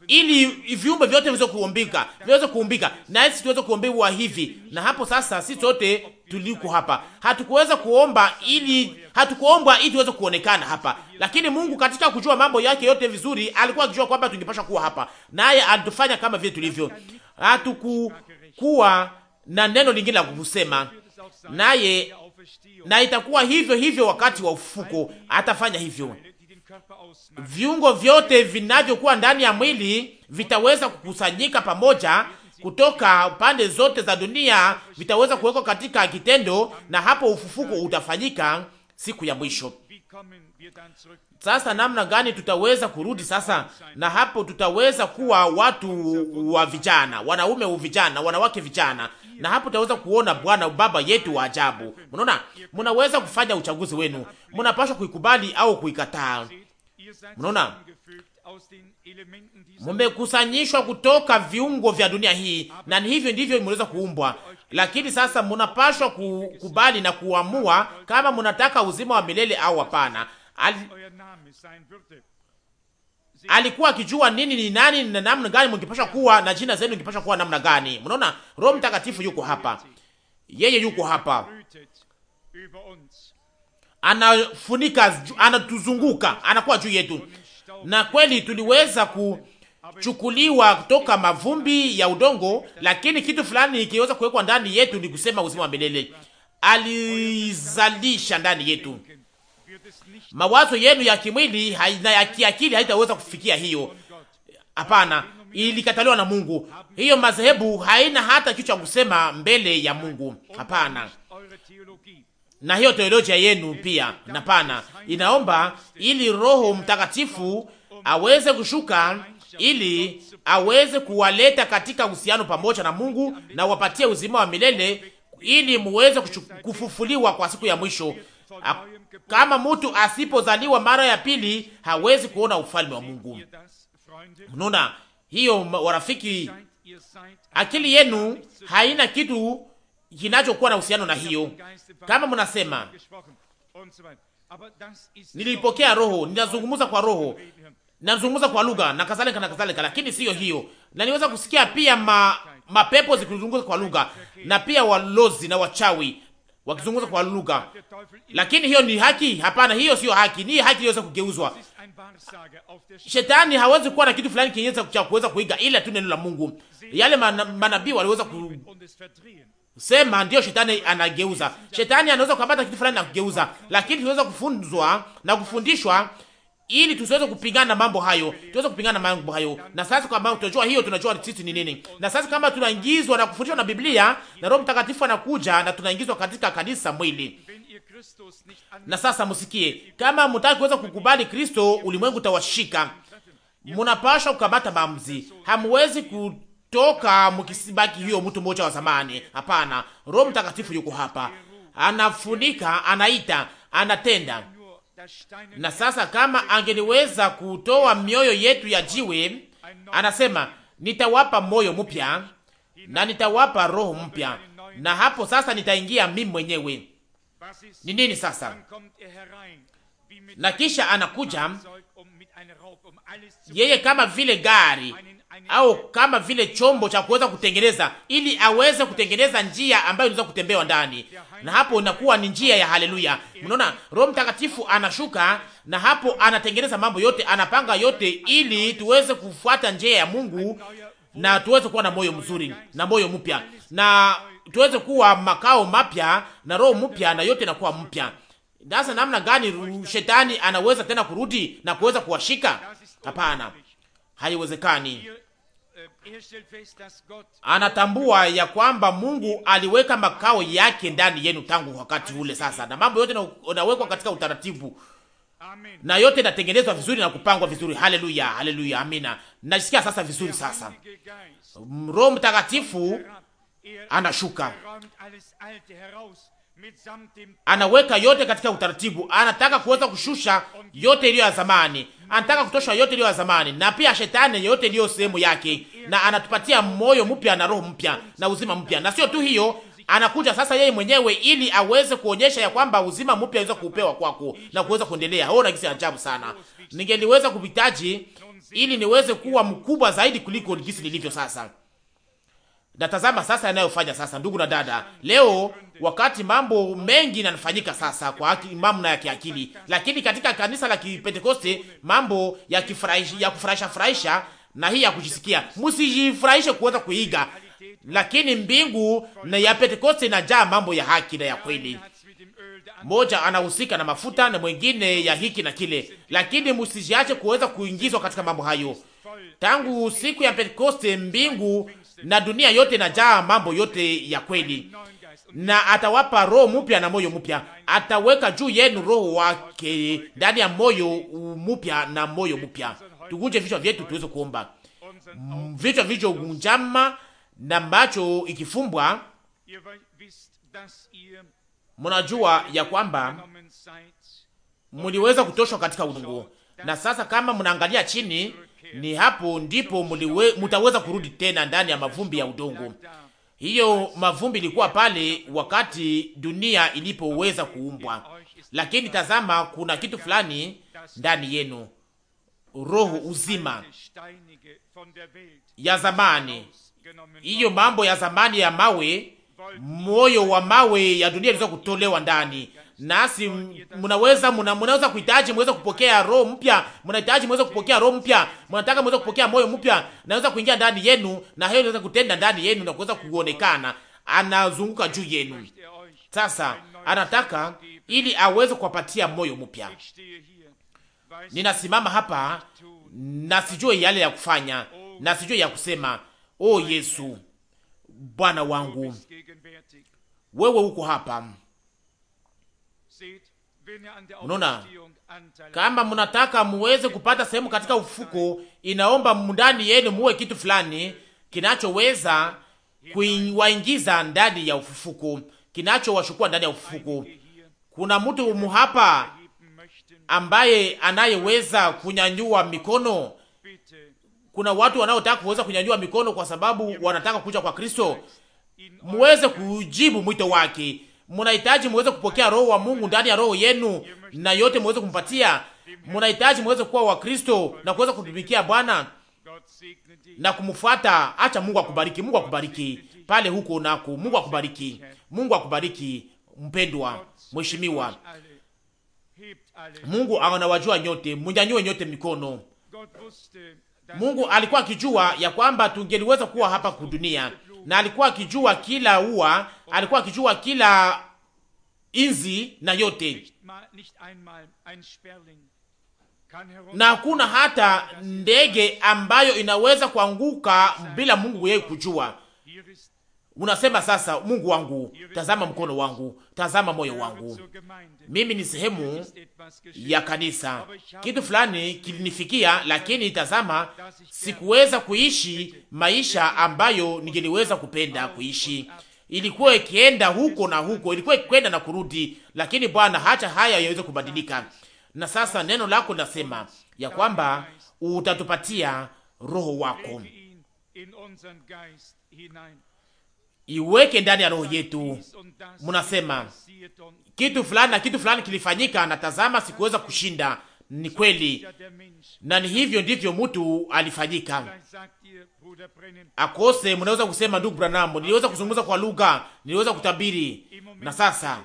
ili viumbe vyote viweze kuumbika, viweze kuumbika na sisi tuweze kuombewa hivi. Na hapo sasa, sisi sote tuliko hapa hatukuweza kuomba ili hatukuombwa ili tuweze kuonekana hapa, lakini Mungu katika kujua mambo yake yote vizuri alikuwa akijua kwamba tungepasha kuwa hapa, naye alitufanya kama vile tulivyo. Hatukukuwa na neno lingine la kusema naye, na itakuwa hivyo hivyo wakati wa ufuko atafanya hivyo viungo vyote vinavyokuwa ndani ya mwili vitaweza kukusanyika pamoja kutoka pande zote za dunia, vitaweza kuwekwa katika kitendo, na hapo ufufuko utafanyika siku ya mwisho. Sasa namna gani tutaweza kurudi sasa? Na hapo tutaweza kuwa watu wa vijana, wanaume wa vijana, wanawake vijana, na hapo tutaweza kuona Bwana Baba yetu wa ajabu. Mnaona, mnaweza kufanya uchaguzi wenu, mnapaswa kuikubali au kuikataa. Mnaona, mumekusanyishwa kutoka viungo vya dunia hii, na ni hivyo ndivyo mnaweza kuumbwa. Lakini sasa mnapashwa kukubali na kuamua kama mnataka uzima wa milele au hapana. Al... alikuwa akijua nini ni nani na namna gani mngepashwa kuwa na jina zenu ingepashwa kuwa namna gani. Mnaona, Roho Mtakatifu yuko hapa, yeye yuko hapa anafunika, anatuzunguka, anakuwa juu yetu, na kweli tuliweza kuchukuliwa kutoka mavumbi ya udongo, lakini kitu fulani kiweza kuwekwa ndani yetu ni kusema uzima wa milele alizalisha ndani yetu. Mawazo yenu ya kimwili na ya kiakili haitaweza kufikia hiyo, hapana. Ilikataliwa na Mungu. Hiyo madhehebu haina hata kitu cha kusema mbele ya Mungu, hapana na hiyo teolojia yenu pia na pana inaomba ili Roho Mtakatifu aweze kushuka ili aweze kuwaleta katika uhusiano pamoja na Mungu na wapatie uzima wa milele ili muweze kufufuliwa kwa siku ya mwisho. Kama mtu asipozaliwa mara ya pili hawezi kuona ufalme wa Mungu. Unaona hiyo, warafiki, akili yenu haina kitu kinachokuwa na uhusiano na hiyo. Kama mnasema nilipokea roho, ninazungumza kwa roho, ninazungumza kwa lugha na kadhalika na kadhalika, lakini siyo hiyo, na niweza kusikia pia ma, mapepo zikizungumza kwa lugha na pia walozi na wachawi wakizungumza kwa lugha, lakini hiyo ni haki? Hapana, hiyo sio haki. Ni haki iliweza kugeuzwa. Shetani hawezi kuwa na kitu fulani kinyeza cha kuweza kuiga, ila tu neno la Mungu. Yale manabii waliweza ku Sema ndio shetani anageuza. Shetani anaweza kukamata kitu fulani na kugeuza, lakini tunaweza kufunzwa na kufundishwa ili tusiweze kupingana na mambo hayo, tuweze kupingana na mambo hayo. Na sasa kwa sababu tunajua hiyo, tunajua sisi ni nini. Na sasa kama tunaingizwa na kufundishwa na Biblia na Roho Mtakatifu anakuja na tunaingizwa katika kanisa mwili. Na sasa msikie, kama mtaki kuweza kukubali Kristo, ulimwengu utawashika. Mnapasha kukamata maamuzi, hamwezi ku toka mkisibaki hiyo mtu mmoja wa zamani. Hapana, Roho Mtakatifu yuko hapa, anafunika, anaita, anatenda. Na sasa kama angeniweza kutoa mioyo yetu ya jiwe, anasema nitawapa moyo mpya na nitawapa roho mpya, na hapo sasa nitaingia mimi mwenyewe. Ni nini sasa? Na kisha anakuja yeye kama vile gari au kama vile chombo cha kuweza kutengeneza, ili aweze kutengeneza njia ambayo inaweza kutembewa ndani, na hapo inakuwa ni njia ya haleluya. Mnaona, Roho Mtakatifu anashuka na hapo anatengeneza mambo yote, anapanga yote, ili tuweze kufuata njia ya Mungu na tuweze kuwa na moyo mzuri na moyo mpya na tuweze kuwa makao mapya na roho mpya na yote inakuwa mpya. Sasa namna gani shetani anaweza tena kurudi na kuweza kuwashika? Hapana, haiwezekani anatambua ya kwamba Mungu aliweka makao yake ndani yenu tangu wakati ule. Sasa na mambo yote yanawekwa katika utaratibu na yote inatengenezwa vizuri na kupangwa vizuri. Haleluya, haleluya, amina. Najisikia sasa vizuri. Sasa Roho Mtakatifu anashuka anaweka yote katika utaratibu. Anataka kuweza kushusha yote iliyo ya zamani, anataka kutosha yote iliyo ya zamani, na pia shetani yote iliyo sehemu yake, na anatupatia moyo mpya na roho mpya na uzima mpya. Na sio tu hiyo, anakuja sasa yeye mwenyewe ili aweze kuonyesha ya kwamba uzima mpya aweza kupewa kwako na kuweza kuendelea. Oh, na ajabu sana, ningeliweza kuvitaji ili niweze kuwa mkubwa zaidi kuliko jinsi nilivyo sasa. Natazama sasa yanayofanya sasa, ndugu na dada, leo wakati mambo mengi yanafanyika sasa kwa imamu na ya kiakili, lakini katika kanisa la Kipentekoste mambo ya kifurahisha ya kufurahisha furahisha na hii ya kujisikia, msijifurahishe kuweza kuiga, lakini mbingu na ya Pentekoste inajaa mambo ya haki na ya kweli. Moja anahusika na mafuta na mwingine ya hiki na kile, lakini msijiache kuweza kuingizwa katika mambo hayo. Tangu siku ya Pentekoste mbingu na dunia yote inajaa mambo yote ya kweli, na atawapa roho mpya na moyo mpya. Ataweka juu yenu roho wake ndani ya moyo mpya na moyo mpya. Tugunje vichwa vyetu tuweze kuomba, vichwa vicho gunjama na macho ikifumbwa. Mnajua ya kwamba mliweza kutoshwa katika udungu, na sasa kama mnaangalia chini ni hapo ndipo muliwe, mutaweza kurudi tena ndani ya mavumbi ya udongo. Hiyo mavumbi ilikuwa pale wakati dunia ilipoweza kuumbwa, lakini tazama, kuna kitu fulani ndani yenu, roho uzima ya zamani, hiyo mambo ya zamani ya mawe, moyo wa mawe ya dunia iliweza kutolewa ndani nasi mnaweza mna, mnaweza kuhitaji mweze kupokea roho mpya, mnahitaji mweze kupokea roho mpya, mnataka mweze kupokea moyo mpya, naweza kuingia ndani yenu, na hiyo inaweza kutenda ndani yenu na kuweza kuonekana, anazunguka juu yenu. Sasa anataka ili aweze kuwapatia moyo mpya. Ninasimama hapa na sijui yale ya kufanya na sijui ya kusema. O oh, Yesu Bwana wangu, wewe uko hapa Mnaona, kama mnataka muweze kupata sehemu katika ufuko, inaomba ndani yenu muwe kitu fulani kinachoweza kuwaingiza ndani ya ufufuko, kinachowashukua ndani ya ufufuko. Kuna mtu muhapa ambaye anayeweza kunyanyua mikono? Kuna watu wanaotaka kuweza kunyanyua mikono kwa sababu wanataka kuja kwa Kristo. Muweze kujibu mwito wake Munahitaji muweze kupokea roho wa Mungu ndani ya roho yenu na yote muweze kumpatia. Munahitaji muweze kuwa wa Kristo na kuweza kutumikia Bwana na kumfuata. Acha Mungu akubariki. Mungu akubariki pale huko unako. Mungu akubariki. Mungu akubariki mpendwa, mheshimiwa. Mungu anawajua nyote, mnyanyue nyote mikono. Mungu alikuwa akijua ya kwamba tungeliweza kuwa hapa kudunia na alikuwa akijua kila ua, alikuwa akijua kila inzi na yote, na hakuna hata ndege ambayo inaweza kuanguka bila Mungu yeye kujua. Unasema sasa, Mungu wangu, tazama mkono wangu, tazama moyo wangu. Mimi ni sehemu ya kanisa, kitu fulani kilinifikia, lakini tazama, sikuweza kuishi maisha ambayo ningeliweza kupenda kuishi. Ilikuwa ikienda huko na huko, ilikuwa ikikwenda na kurudi, lakini Bwana, hacha haya yaweze kubadilika. Na sasa neno lako linasema ya kwamba utatupatia roho wako iweke ndani ya roho yetu. Munasema kitu fulani na kitu fulani kilifanyika, na tazama, sikuweza kushinda. Ni kweli, na ni hivyo ndivyo mtu alifanyika akose. Mnaweza kusema ndugu Branham, niliweza kuzungumza kwa lugha, niliweza kutabiri, na sasa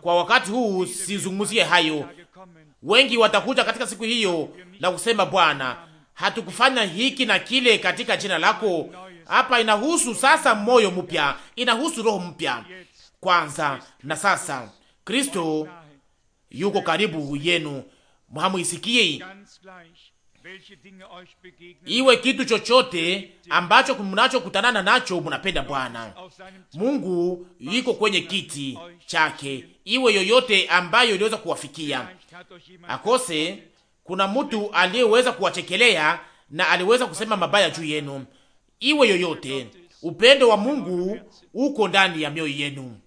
kwa wakati huu sizungumzie hayo. Wengi watakuja katika siku hiyo na kusema, Bwana, hatukufanya hiki na kile katika jina lako, hapa inahusu sasa moyo mpya, inahusu roho mpya kwanza. Na sasa Kristo yuko karibu yenu, hamuisikie iwe kitu chochote ambacho mnachokutanana nacho, munapenda Bwana Mungu yuko kwenye kiti chake, iwe yoyote ambayo iliweza kuwafikia akose. Kuna mtu aliyeweza kuwachekelea na aliweza kusema mabaya juu yenu, iwe yoyote, upendo wa Mungu uko ndani ya mioyo yenu.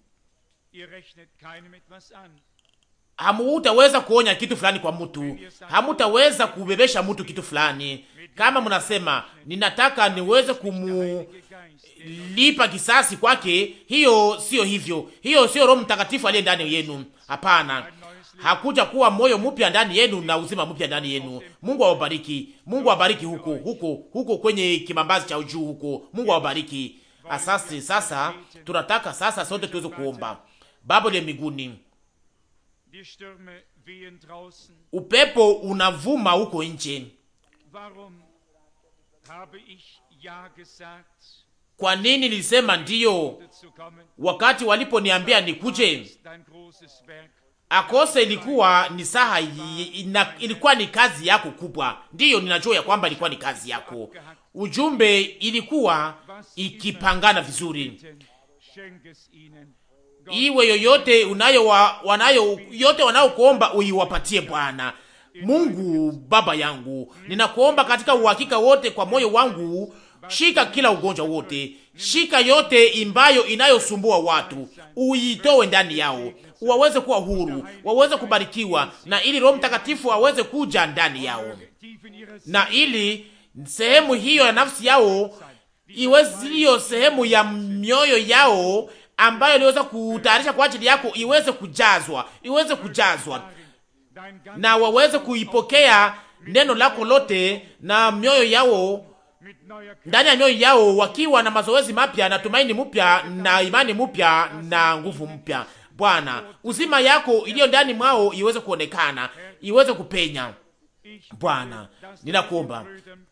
Hamutaweza kuonya kitu fulani kwa mtu, hamutaweza kubebesha mtu kitu fulani. Kama mnasema ninataka niweze kumulipa kisasi kwake, hiyo sio hivyo, hiyo sio Roho Mtakatifu aliye ndani yenu. Hapana, hakuja kuwa moyo mpya ndani yenu na uzima mpya ndani yenu. Mungu awabariki, Mungu awabariki huko huko huko kwenye kibambazi cha juu huko. Mungu awabariki. Asasi sasa, tunataka sasa sote tuweze kuomba. Baba ya miguni, upepo unavuma huko nje. Kwa nini nilisema ndiyo wakati waliponiambia nikuje? akose, ilikuwa ni saha, ilikuwa ni kazi yako kubwa. Ndiyo, ninajua ya kwamba ilikuwa ni kazi yako. Ujumbe ilikuwa ikipangana vizuri, iwe yoyote unayo wa, wanayo yote wanayokuomba uiwapatie Bwana Mungu. Baba yangu, ninakuomba katika uhakika wote kwa moyo wangu Shika kila ugonjwa wote, shika yote imbayo inayosumbua watu, uitoe ndani yao, waweze kuwa huru, waweze kubarikiwa, na ili Roho Mtakatifu aweze kuja ndani yao, na ili sehemu hiyo ya nafsi yao hiyo sehemu ya mioyo yao ambayo iliweza kutayarisha kwa ajili yako iweze kujazwa, iweze kujazwa, na waweze kuipokea neno lako lote na mioyo yao ndani ya mioyo yao wakiwa na mazoezi mapya na tumaini mpya na imani mpya na nguvu mpya. Bwana, uzima yako iliyo ndani mwao iweze kuonekana, iweze kupenya. Bwana, ninakuomba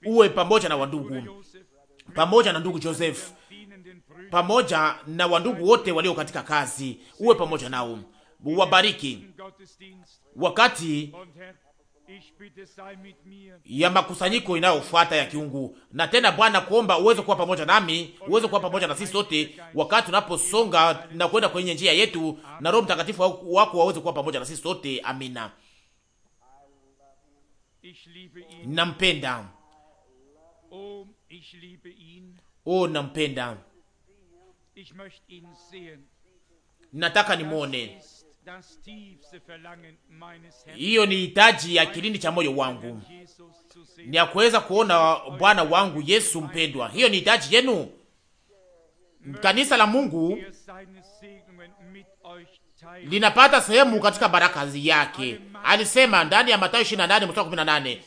uwe pamoja na wandugu, pamoja na ndugu Joseph, pamoja na wandugu wote walio katika kazi, uwe pamoja nao, uwabariki wakati ya makusanyiko inayofuata ya kiungu. Na tena Bwana kuomba uweze kuwa pamoja nami, uweze kuwa pamoja na sisi sote wakati tunaposonga na kwenda kwenye njia yetu, na Roho Mtakatifu wako waweze kuwa pamoja na sisi sote. Amina. Nampenda, oh, nampenda, nataka nimwone. Hiyo ni hitaji ya kilindi cha moyo wangu, ni ya kuweza kuona Bwana wangu Yesu mpendwa. Hiyo ni hitaji yenu, kanisa la Mungu linapata sehemu katika baraka yake. Alisema ndani ya Mathayo 28 mstari 18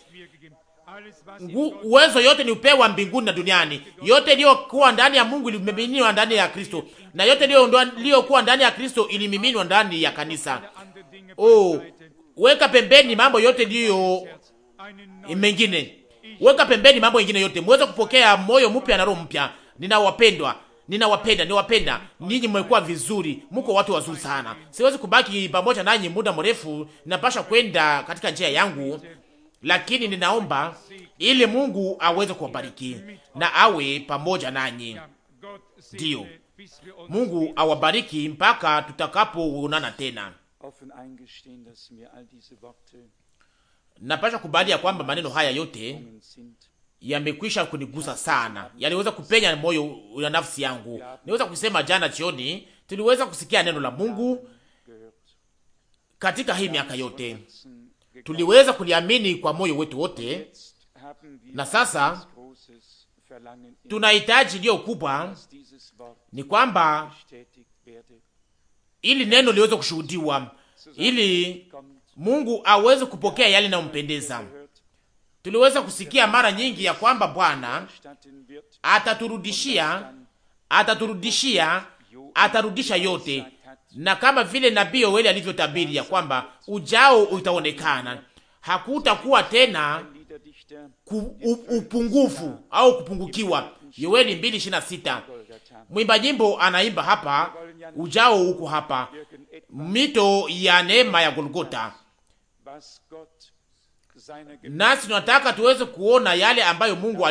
uwezo yote ni upewa mbinguni na duniani. Yote iliyokuwa ndani ya Mungu ilimiminiwa ndani ya Kristo, na yote iliyokuwa ndani ya Kristo ilimiminiwa ndani ya kanisa. Oh, weka pembeni mambo yote iliyo mengine, weka pembeni mambo mengine yote, muweze kupokea moyo mpya na roho mpya. Ninawapendwa, ninawapenda, niwapenda ninyi, mmekuwa vizuri, mko watu wazuri sana. Siwezi kubaki pamoja nanyi muda mrefu, napasha kwenda katika njia yangu lakini ninaomba ili Mungu aweze kuwabariki na awe pamoja nanyi. Ndiyo, Mungu awabariki mpaka tutakapoonana tena. Napasha kubali ya kwamba maneno haya yote yamekwisha kunigusa sana, yaliweza kupenya moyo na nafsi yangu. Niweza kusema jana jioni, tuliweza kusikia neno la Mungu katika hii miaka yote tuliweza kuliamini kwa moyo wetu wote, na sasa tunahitaji iliyo kubwa ni kwamba ili neno liweze kushuhudiwa, ili Mungu aweze kupokea yale inayompendeza. Tuliweza kusikia mara nyingi ya kwamba Bwana ataturudishia, ataturudishia, atarudisha yote na kama vile nabii Yoeli alivyotabiri ya kwamba ujao utaonekana, hakutakuwa tena ku, upungufu au kupungukiwa. Yoeli 2:26 mwimba nyimbo anaimba hapa, ujao huko hapa, mito ya neema ya Golgota. Nasi tunataka tuweze kuona yale ambayo Mungu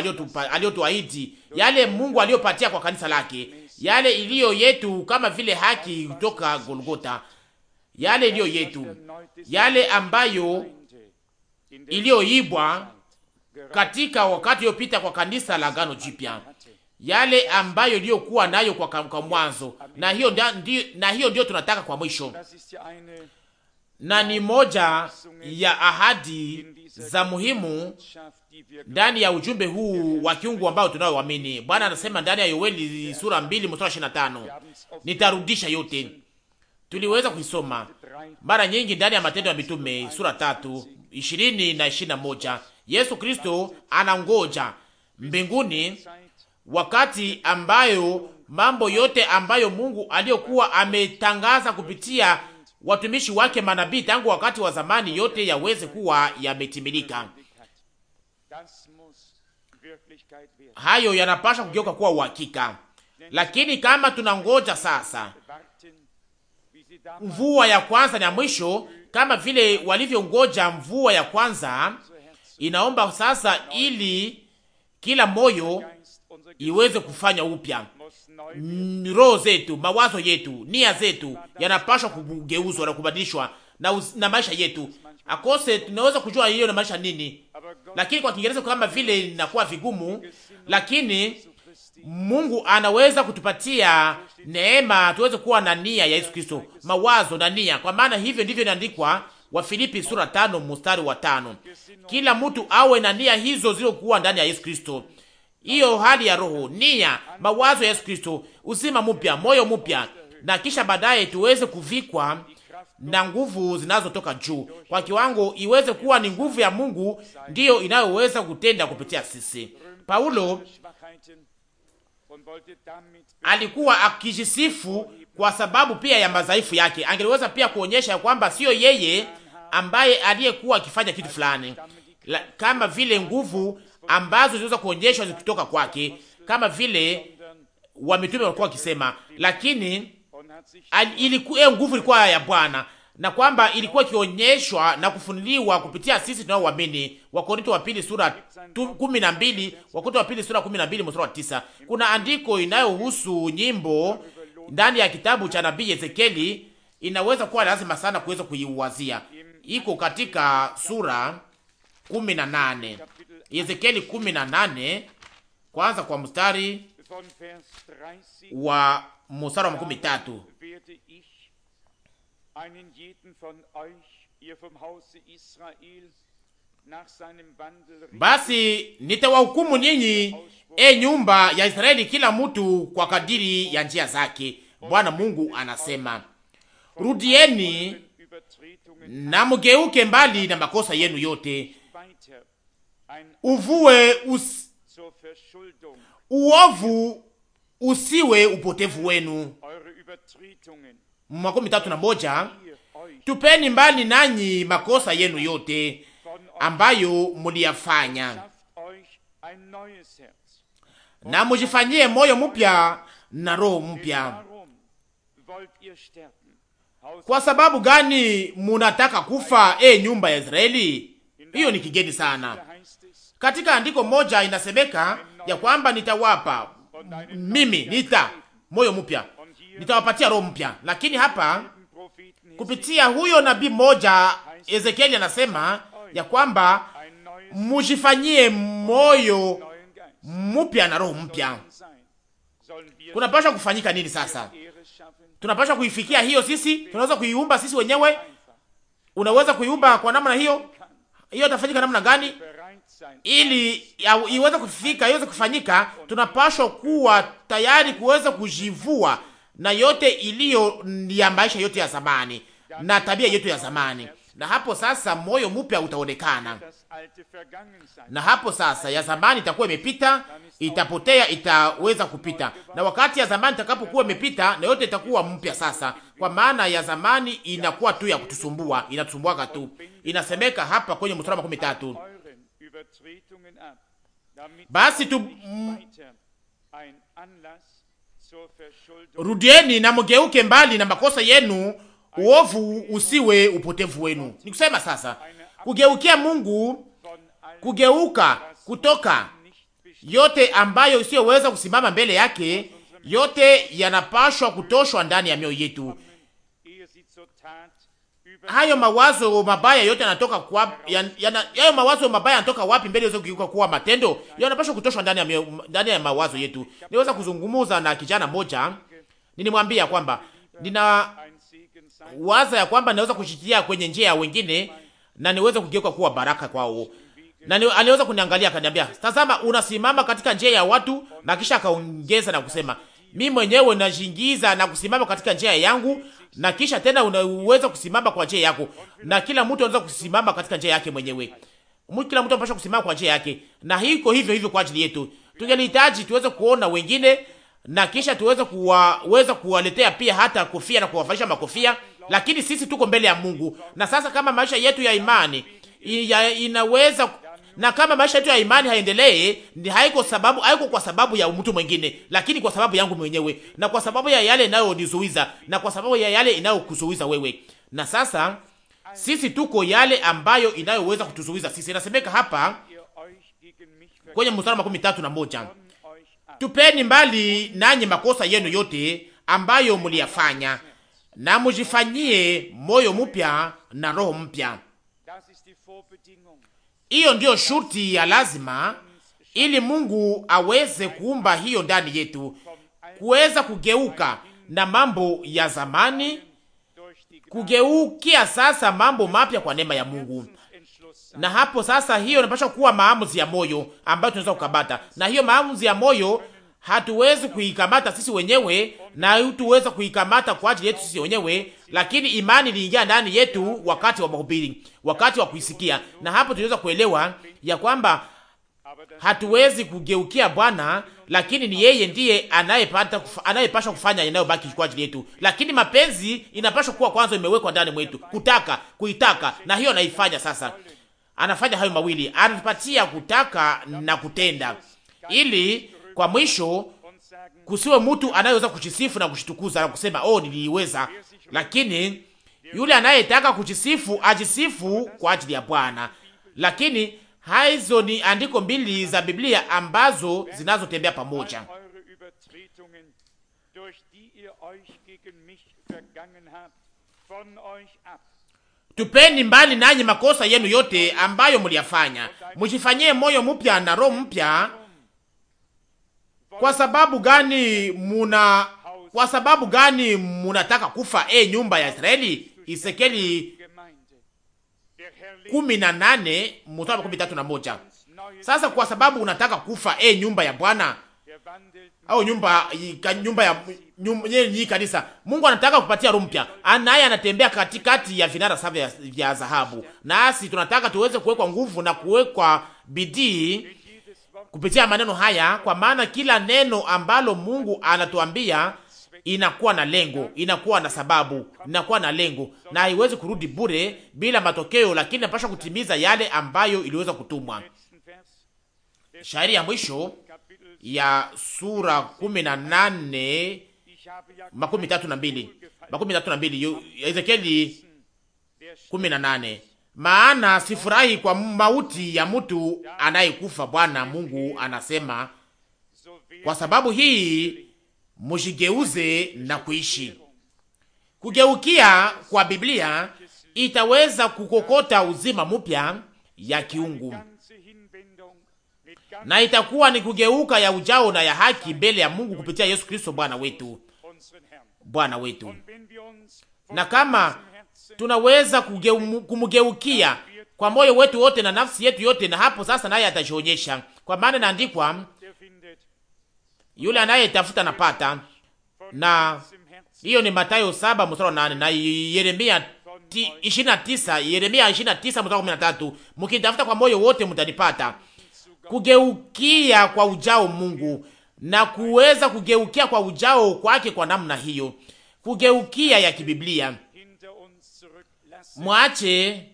aliyotuahidi, yale Mungu aliyopatia kwa kanisa lake yale iliyo yetu, kama vile haki kutoka Golgota, yale iliyo yetu, yale ambayo iliyoibwa katika wakati uliopita kwa kanisa la Agano Jipya, yale ambayo iliyokuwa nayo kwa, kwa mwanzo, na hiyo ndio na hiyo ndio tunataka kwa mwisho, na ni moja ya ahadi za muhimu ndani ya ujumbe huu wa kiungu ambao tunaoamini. Bwana anasema ndani ya Yoeli sura 2 mstari 25, nitarudisha yote. Tuliweza kuisoma mara nyingi ndani ya Matendo ya Mitume sura 3 20 na 21. Yesu Kristo anangoja mbinguni wakati ambayo mambo yote ambayo Mungu aliyokuwa ametangaza kupitia watumishi wake manabii tangu wakati wa zamani, yote yaweze kuwa yametimilika. Hayo yanapasha kugeuka kuwa uhakika. Lakini kama tunangoja sasa mvua ya kwanza na mwisho, kama vile walivyongoja mvua ya kwanza, inaomba sasa ili kila moyo iweze kufanya upya roho zetu, mawazo yetu, nia zetu yanapashwa kugeuzwa na kubadilishwa na, na maisha yetu akose. Tunaweza kujua hiyo na maisha nini, lakini kwa Kiingereza kama vile inakuwa vigumu, lakini Mungu anaweza kutupatia neema tuweze kuwa na nia ya Yesu Kristo, mawazo na nia, kwa maana hivyo ndivyo inaandikwa wa Filipi sura tano mstari wa tano. Kila mtu awe na nia hizo zilizokuwa ndani ya Yesu Kristo hiyo hali ya roho, nia, mawazo ya Yesu Kristo, uzima mpya, moyo mpya, na kisha baadaye tuweze kuvikwa na nguvu zinazotoka juu kwa kiwango, iweze kuwa ni nguvu ya Mungu ndiyo inayoweza kutenda kupitia sisi. Paulo alikuwa akijisifu kwa sababu pia ya madhaifu yake. Angeliweza pia kuonyesha ya kwamba siyo yeye ambaye aliyekuwa akifanya kitu fulani, kama vile nguvu ambazo zinaweza kuonyeshwa zikitoka kwake, kama vile mitume walikuwa wakisema, lakini ilikuwa eh, nguvu ilikuwa ya Bwana na kwamba ilikuwa ikionyeshwa na kufunuliwa kupitia sisi tunaoamini. Wakorinto wa pili sura 12, Wakorinto wa pili sura 12 mstari wa 9. Kuna andiko inayohusu nyimbo ndani ya kitabu cha nabii Ezekieli, inaweza kuwa lazima sana kuweza kuiwazia. Iko katika sura 18. Ezekieli nane kwanza kwa mstari wa mstari wa makumi tatu basi nitawahukumu ninyi, e nyumba ya Israeli, kila mtu kwa kadiri ya njia zake. Bwana Mungu anasema, rudieni na mgeuke mbali na makosa yenu yote uvue us, uovu usiwe upotevu wenu. Makumi tatu na moja, tupeni mbali nanyi makosa yenu yote ambayo muliyafanya na mujifanyie moyo mpya na roho mpya. Kwa sababu gani munataka kufa, e nyumba ya Israeli? Hiyo ni kigeni sana. Katika andiko moja inasemeka ya kwamba nitawapa mimi nita moyo mpya, nitawapatia roho mpya. Lakini hapa kupitia huyo nabii moja Ezekieli anasema ya kwamba mujifanyie moyo mpya na roho mpya. Kunapasha kufanyika nini sasa? Tunapasha kuifikia hiyo sisi? Tunaweza kuiumba sisi wenyewe? Unaweza kuiumba kwa namna hiyo? Hiyo itafanyika namna gani? ili iweze kufika, iweze kufanyika, tunapashwa kuwa tayari kuweza kujivua na yote iliyo ya maisha yote ya zamani na tabia yetu ya zamani, na hapo sasa moyo mpya utaonekana, na hapo sasa ya zamani itakuwa imepita, itapotea, itaweza kupita, na wakati ya zamani itakapokuwa imepita, na yote itakuwa mpya sasa, kwa maana ya zamani inakuwa tu ya kutusumbua, inatusumbua tu. Inasemeka hapa kwenye mstari wa makumi tatu basi tu mm. rudieni na mgeuke mbali na makosa yenu, uovu usiwe upotevu wenu. Ni kusema sasa, kugeukia Mungu, kugeuka kutoka yote ambayo isiyoweza kusimama mbele yake, yote yanapashwa kutoshwa ndani ya mioyo yetu hayo mawazo mabaya yote yanatoka kwa ya, ya, hayo mawazo mabaya yanatoka wapi mbele hizo kugeuka kuwa matendo? Yanapaswa kutoshwa ndani ya ndani ya mawazo yetu. Niweza kuzungumza na kijana moja, nilimwambia kwamba nina waza ya kwamba naweza kushikilia kwenye njia ya wengine na niweze kugeuka kuwa baraka kwao. Na ni, aliweza kuniangalia akaniambia, "Tazama unasimama katika njia ya watu" na kisha akaongeza na kusema, mi mwenyewe najingiza na kusimama katika njia yangu, na kisha tena unaweza kusimama kwa njia yako, na kila mtu anaweza kusimama katika njia yake mwenyewe. Kila mtu anapaswa kusimama kwa njia yake, na hiko hivyo hivyo kwa ajili yetu. Tungelihitaji tuweze kuona wengine na kisha tuweze kuwaweza kuwaletea pia hata kofia na kuwavalisha makofia, lakini sisi tuko mbele ya Mungu. Na sasa kama maisha yetu ya imani ya, inaweza na kama maisha yetu ya imani haendelee, ni haiko sababu, haiko kwa sababu ya mtu mwingine, lakini kwa sababu yangu mwenyewe na kwa sababu ya yale inayonizuiza na kwa sababu ya yale inayokuzuiza wewe. Na sasa sisi tuko yale ambayo inayoweza kutuzuiza sisi. Inasemeka hapa kwenye mstari makumi tatu na moja tupeni mbali nanyi makosa yenu yote ambayo mliyafanya na mujifanyie moyo mpya na roho mpya. Hiyo ndiyo shurti ya lazima ili Mungu aweze kuumba hiyo ndani yetu, kuweza kugeuka na mambo ya zamani kugeukia sasa mambo mapya kwa neema ya Mungu. Na hapo sasa, hiyo inapaswa kuwa maamuzi ya moyo ambayo tunaweza kukabata, na hiyo maamuzi ya moyo hatuwezi kuikamata sisi wenyewe na hatuweza kuikamata kwa ajili yetu sisi wenyewe, lakini imani iliingia ndani yetu wakati wa mahubiri, wakati wa kuisikia, na hapo tuliweza kuelewa ya kwamba hatuwezi kugeukia Bwana, lakini ni yeye ndiye anayepata anayepashwa kufanya yanayobaki kwa ajili yetu. Lakini mapenzi inapashwa kuwa kwanza imewekwa ndani mwetu, kutaka kuitaka, na hiyo anaifanya sasa. Anafanya hayo mawili, anatupatia kutaka na kutenda, ili kwa mwisho, kusiwe mtu anayeweza kujisifu na kujitukuza na kusema oh, niliweza, lakini yule anayetaka kujisifu ajisifu kwa ajili ya Bwana. Lakini hizo ni andiko mbili za Biblia ambazo zinazotembea pamoja. Tupeni mbali nanyi makosa yenu yote ambayo mliyafanya, mujifanyie moyo mpya na roho mpya kwa sababu gani muna kwa sababu gani munataka kufa e nyumba ya Israeli? Isekeli kumi nane mstari makumi tatu na moja. Sasa kwa sababu unataka kufa e nyumba ya Bwana au nyumba nyumba ya nyinyi kanisa, Mungu anataka kupatia roho mpya, anaye anatembea katikati ya vinara saba vya dhahabu, nasi tunataka tuweze kuwekwa nguvu na kuwekwa bidii kupitia maneno haya, kwa maana kila neno ambalo Mungu anatuambia inakuwa na lengo, inakuwa na sababu, inakuwa na lengo, na haiwezi kurudi bure bila matokeo, lakini inapaswa kutimiza yale ambayo iliweza kutumwa. Shairi ya mwisho ya sura 18 makumi tatu na mbili makumi tatu na mbili Ezekieli maana sifurahi kwa mauti ya mtu anayekufa. Bwana Mungu anasema, kwa sababu hii mujigeuze na kuishi. Kugeukia kwa Biblia itaweza kukokota uzima mpya ya kiungu na itakuwa ni kugeuka ya ujao na ya haki mbele ya Mungu kupitia Yesu Kristo Bwana wetu, Bwana wetu. Na kama tunaweza kumgeukia kwa moyo wetu wote na nafsi yetu yote, na hapo sasa naye atajionyesha, kwa maana naandikwa, yule anayetafuta napata, na hiyo ni Mathayo 7 mstari wa 8 na Yeremia 29, Yeremia 29 mstari wa 13, mkinitafuta kwa moyo wote mtanipata. Kugeukia kwa ujao Mungu na kuweza kugeukia kwa ujao kwake kwa namna hiyo, kugeukia ya kibiblia mwache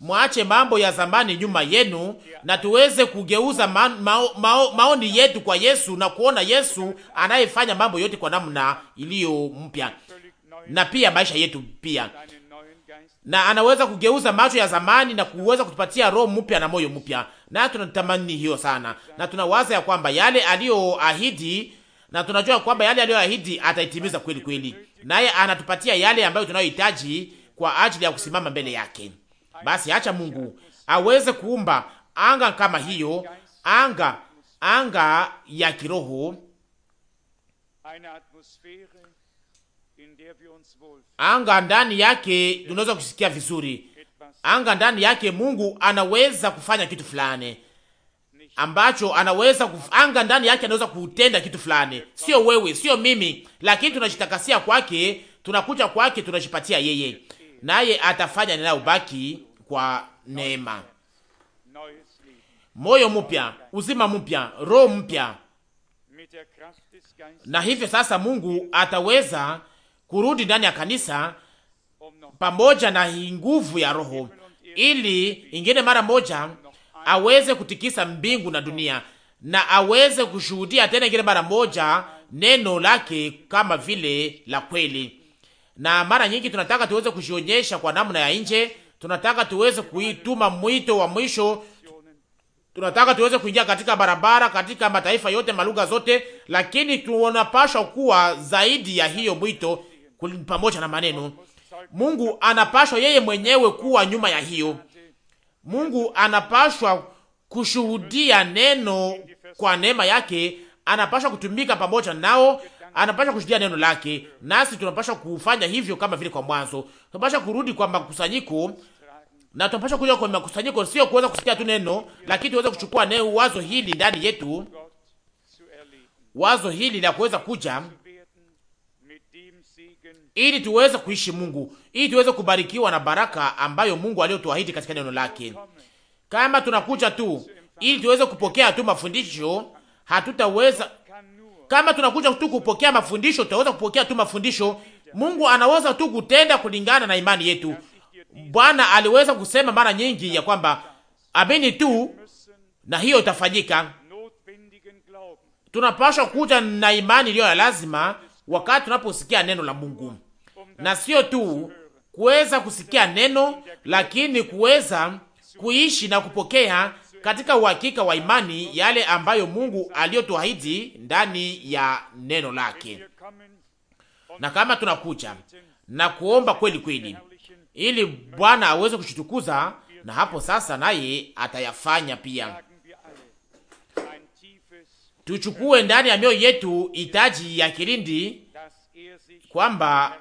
mwache mambo ya zamani nyuma yenu na tuweze kugeuza ma, ma, ma, maoni yetu kwa Yesu na kuona Yesu anayefanya mambo yote kwa namna iliyo mpya, na pia maisha yetu pia, na anaweza kugeuza macho ya zamani na kuweza kutupatia roho mpya na moyo mpya, na tunatamani hiyo sana, na tunawaza ya kwamba yale aliyoahidi, na tunajua kwamba yale aliyoahidi ataitimiza kweli kweli naye anatupatia yale ambayo tunayohitaji kwa ajili ya kusimama mbele yake. Basi acha Mungu aweze kuumba anga kama hiyo, anga anga ya kiroho, anga ndani yake tunaweza kusikia vizuri, anga ndani yake Mungu anaweza kufanya kitu fulani ambacho anaweza kufanga ndani yake, anaweza kutenda kitu fulani. Sio wewe, sio mimi, lakini tunajitakasia kwake, tunakuja kwake, tunajipatia yeye, naye atafanya ubaki kwa neema, moyo mpya, uzima mpya, roho mpya. Na hivyo sasa Mungu ataweza kurudi ndani ya kanisa pamoja na nguvu ya Roho, ili ingine mara moja aweze kutikisa mbingu na dunia na aweze kushuhudia tena ingine mara moja neno lake kama vile la kweli. Na mara nyingi tunataka tuweze kujionyesha kwa namna ya nje, tunataka tuweze kuituma mwito wa mwisho, tunataka tuweze kuingia katika barabara, katika mataifa yote, malugha zote, lakini tunapashwa kuwa zaidi ya hiyo mwito pamoja na maneno. Mungu anapashwa yeye mwenyewe kuwa nyuma ya hiyo Mungu anapashwa kushuhudia neno kwa neema yake, anapashwa kutumika pamoja nao, anapashwa kushuhudia neno lake, nasi tunapashwa kufanya hivyo kama vile kwa mwanzo. Tunapashwa kurudi kwa makusanyiko na tunapashwa kuja kwa makusanyiko, sio kuweza kusikia tu neno, lakini tuweze kuchukua neno, wazo hili ndani yetu, wazo hili la kuweza kuja ili tuweze kuishi Mungu ili tuweze kubarikiwa na baraka ambayo Mungu aliyotuahidi katika neno lake. Kama tunakuja tu ili tuweze kupokea tu mafundisho, hatutaweza. Kama tunakuja tu kupokea mafundisho, tutaweza kupokea tu mafundisho. Mungu anaweza tu kutenda kulingana na imani yetu. Bwana aliweza kusema mara nyingi ya kwamba amini tu na hiyo itafanyika. Tunapaswa kuja na imani iliyo ya lazima wakati tunaposikia neno la Mungu, na sio tu kuweza kusikia neno, lakini kuweza kuishi na kupokea katika uhakika wa imani yale ambayo Mungu aliyotuahidi ndani ya neno lake. Na kama tunakuja na kuomba kweli kweli, ili Bwana aweze kushitukuza, na hapo sasa naye atayafanya pia. Tuchukue ndani ya mioyo yetu hitaji ya kilindi kwamba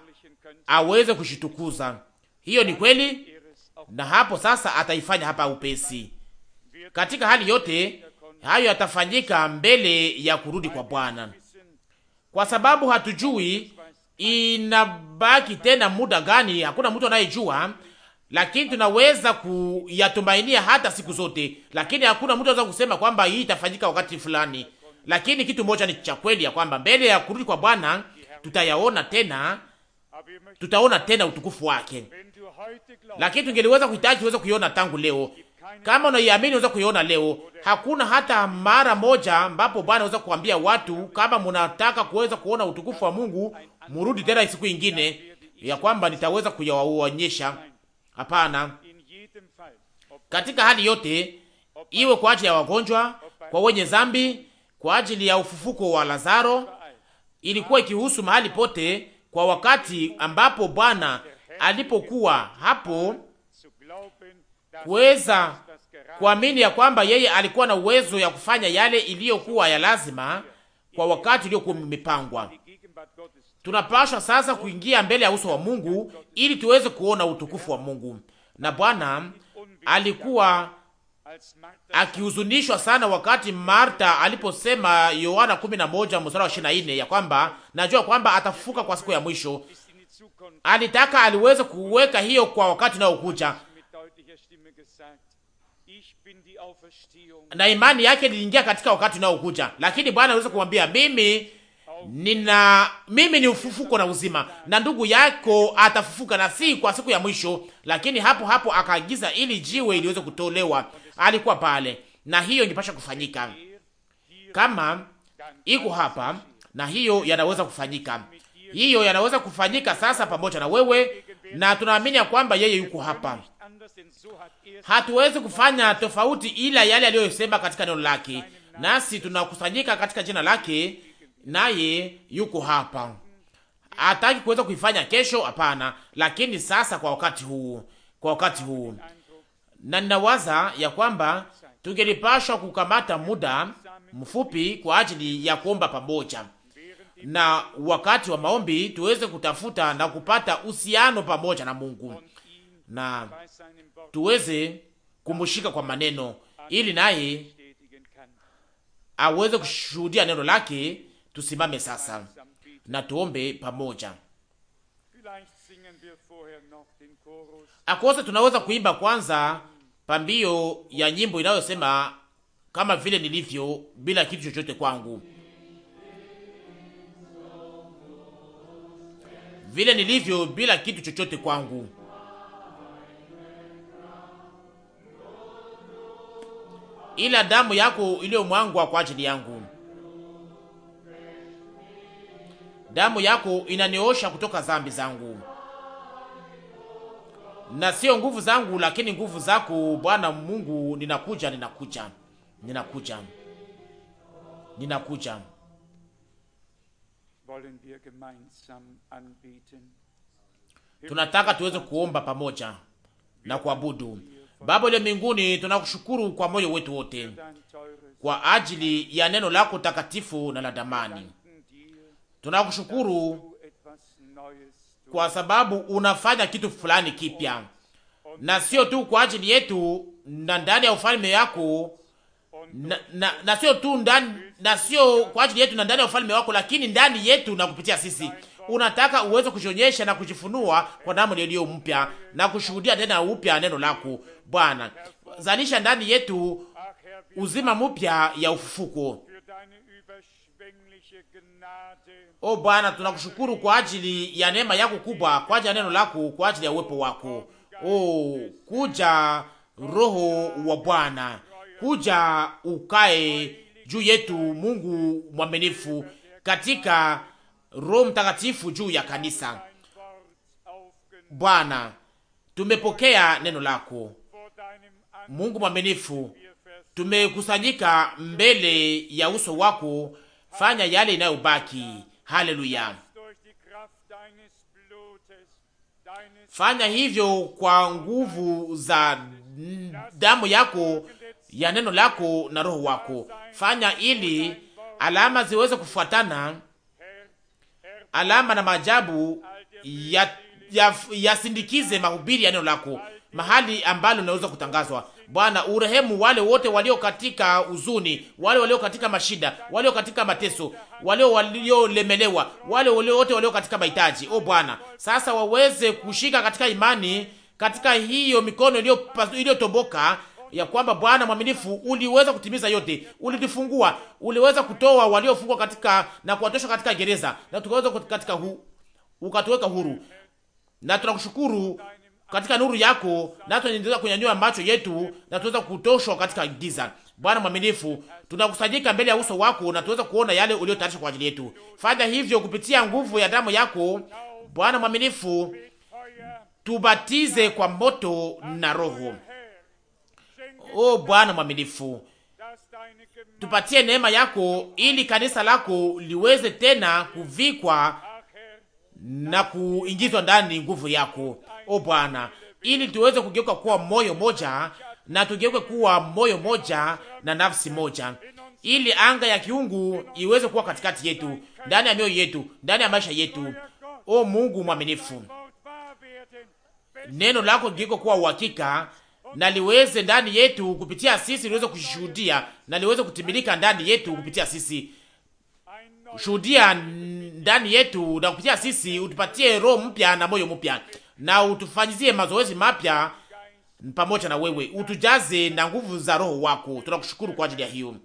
aweze kushitukuza. Hiyo ni kweli, na hapo sasa ataifanya hapa upesi. Katika hali yote hayo yatafanyika mbele ya kurudi kwa Bwana, kwa sababu hatujui inabaki tena muda gani. Hakuna mtu anayejua, lakini tunaweza kuyatumainia hata siku zote, lakini hakuna mtu anaweza kusema kwamba hii itafanyika wakati fulani. Lakini kitu moja ni cha kweli, ya kwamba mbele ya kurudi kwa Bwana tutayaona tena tutaona tena utukufu wake. Lakini tungeliweza kuhitaji tuweze kuiona tangu leo. Kama unaiamini unaweza kuiona leo. Hakuna hata mara moja ambapo Bwana anaweza kuambia watu kama mnataka kuweza kuona utukufu wa Mungu, murudi tena siku ingine ya kwamba nitaweza kuyaonyesha. Hapana. Katika hali yote, iwe kwa ajili ya wagonjwa, kwa wenye zambi, kwa ajili ya ufufuko wa Lazaro, ilikuwa ikihusu mahali pote kwa wakati ambapo Bwana alipokuwa hapo kuweza kuamini ya kwamba yeye alikuwa na uwezo ya kufanya yale iliyokuwa ya lazima kwa wakati uliokuwa umepangwa. Tunapashwa sasa kuingia mbele ya uso wa Mungu ili tuweze kuona utukufu wa Mungu, na Bwana alikuwa akihuzunishwa sana wakati Marta aliposema Yohana 11 mstari wa 24 ya kwamba najua kwamba atafufuka kwa siku ya mwisho. Alitaka aliweze kuweka hiyo kwa wakati unaokuja, na imani yake iliingia katika wakati unaokuja, lakini Bwana aliweza kumwambia mimi nina mimi ni ufufuko na uzima, na ndugu yako atafufuka, na si kwa siku ya mwisho. Lakini hapo hapo akaagiza ili jiwe iliweze kutolewa alikuwa pale, na hiyo ingepasha kufanyika kama iko hapa, na hiyo yanaweza kufanyika, hiyo yanaweza kufanyika sasa pamoja na wewe, na tunaamini ya kwamba yeye yuko hapa. Hatuwezi kufanya tofauti ila yale aliyosema katika neno lake, nasi tunakusanyika katika jina lake, naye yuko hapa. Hataki kuweza kuifanya kesho, hapana, lakini sasa kwa wakati huu, kwa wakati huu na ninawaza ya kwamba tungelipashwa kukamata muda mfupi kwa ajili ya kuomba pamoja, na wakati wa maombi tuweze kutafuta na kupata uhusiano pamoja na Mungu, na tuweze kumushika kwa maneno, ili naye aweze kushuhudia neno lake. Tusimame sasa na tuombe pamoja. akose tunaweza kuimba kwanza pambio ya nyimbo inayosema kama vile nilivyo bila kitu chochote kwangu, vile nilivyo bila kitu chochote kwangu. ila damu yako iliyomwangwa kwa ajili yangu, damu yako inaniosha kutoka dhambi zangu na sio nguvu zangu, lakini nguvu zako Bwana Mungu. Ninakuja, ninakuja, ninakuja, ninakuja. Tunataka tuweze kuomba pamoja na kuabudu. Baba uliye mbinguni, tunakushukuru kwa moyo wetu wote kwa ajili ya neno lako takatifu na la damani. Tunakushukuru kwa sababu unafanya kitu fulani kipya, na sio tu kwa ajili yetu na ndani ya ufalme yako na, na, na sio tu ndani na sio kwa ajili yetu na ndani ya ufalme wako, lakini ndani yetu na kupitia sisi. Unataka uweze kujionyesha na kujifunua kwa namu iliyo mpya na kushuhudia tena upya neno lako Bwana. Zalisha ndani yetu uzima mpya ya ufufuko. O oh, Bwana, tunakushukuru kwa ajili ya neema yako kubwa, kwa ajili ya neno lako, kwa ajili ya uwepo wako. O oh, kuja Roho wa Bwana, kuja ukae juu yetu, Mungu mwaminifu, katika Roho Mtakatifu juu ya kanisa. Bwana, tumepokea neno lako. Mungu mwaminifu, tumekusanyika mbele ya uso wako fanya yale inayobaki. Haleluya, fanya hivyo kwa nguvu za damu yako ya neno lako na roho wako. Fanya ili alama ziweze kufuatana, alama na maajabu yasindikize ya, ya mahubiri ya neno lako mahali ambalo linaweza kutangazwa Bwana urehemu wale wote walio katika huzuni, wale walio katika mashida, walio katika mateso, wale waliolemelewa, wale wale wote walio katika mahitaji. O Bwana, sasa waweze kushika katika imani, katika hiyo mikono iliyo iliyotoboka ya kwamba Bwana mwaminifu, uliweza kutimiza yote, ulitufungua, uliweza kutoa waliofungwa katika na kuwatosha katika gereza, na tukaweza katika hu, ukatuweka huru, na tunakushukuru katika nuru yako, na tunaendelea kunyanyua macho yetu na tunaweza kutoshwa katika giza. Bwana mwaminifu, tunakusanyika mbele ya uso wako na tunaweza kuona yale uliyotayarisha kwa ajili yetu. Fanya hivyo kupitia nguvu ya damu yako. Bwana mwaminifu, tubatize kwa moto na Roho. O Bwana mwaminifu, tupatie neema yako ili kanisa lako liweze tena kuvikwa na kuingizwa ndani nguvu yako, o Bwana, ili tuweze kugeuka kuwa moyo moja na tugeuke kuwa moyo moja na nafsi moja, ili anga ya kiungu iweze kuwa katikati yetu, ndani ya mioyo yetu, ndani ya maisha yetu. O Mungu mwaminifu, neno lako ligeuke kuwa uhakika na liweze ndani yetu kupitia sisi, liweze kushuhudia na liweze kutimilika ndani yetu kupitia sisi. Shuhudia ndani yetu na kupitia sisi, utupatie roho mpya na moyo mpya, na utufanyizie mazoezi mapya pamoja na wewe, utujaze na nguvu za roho wako. Tunakushukuru kwa ajili ya hiyo.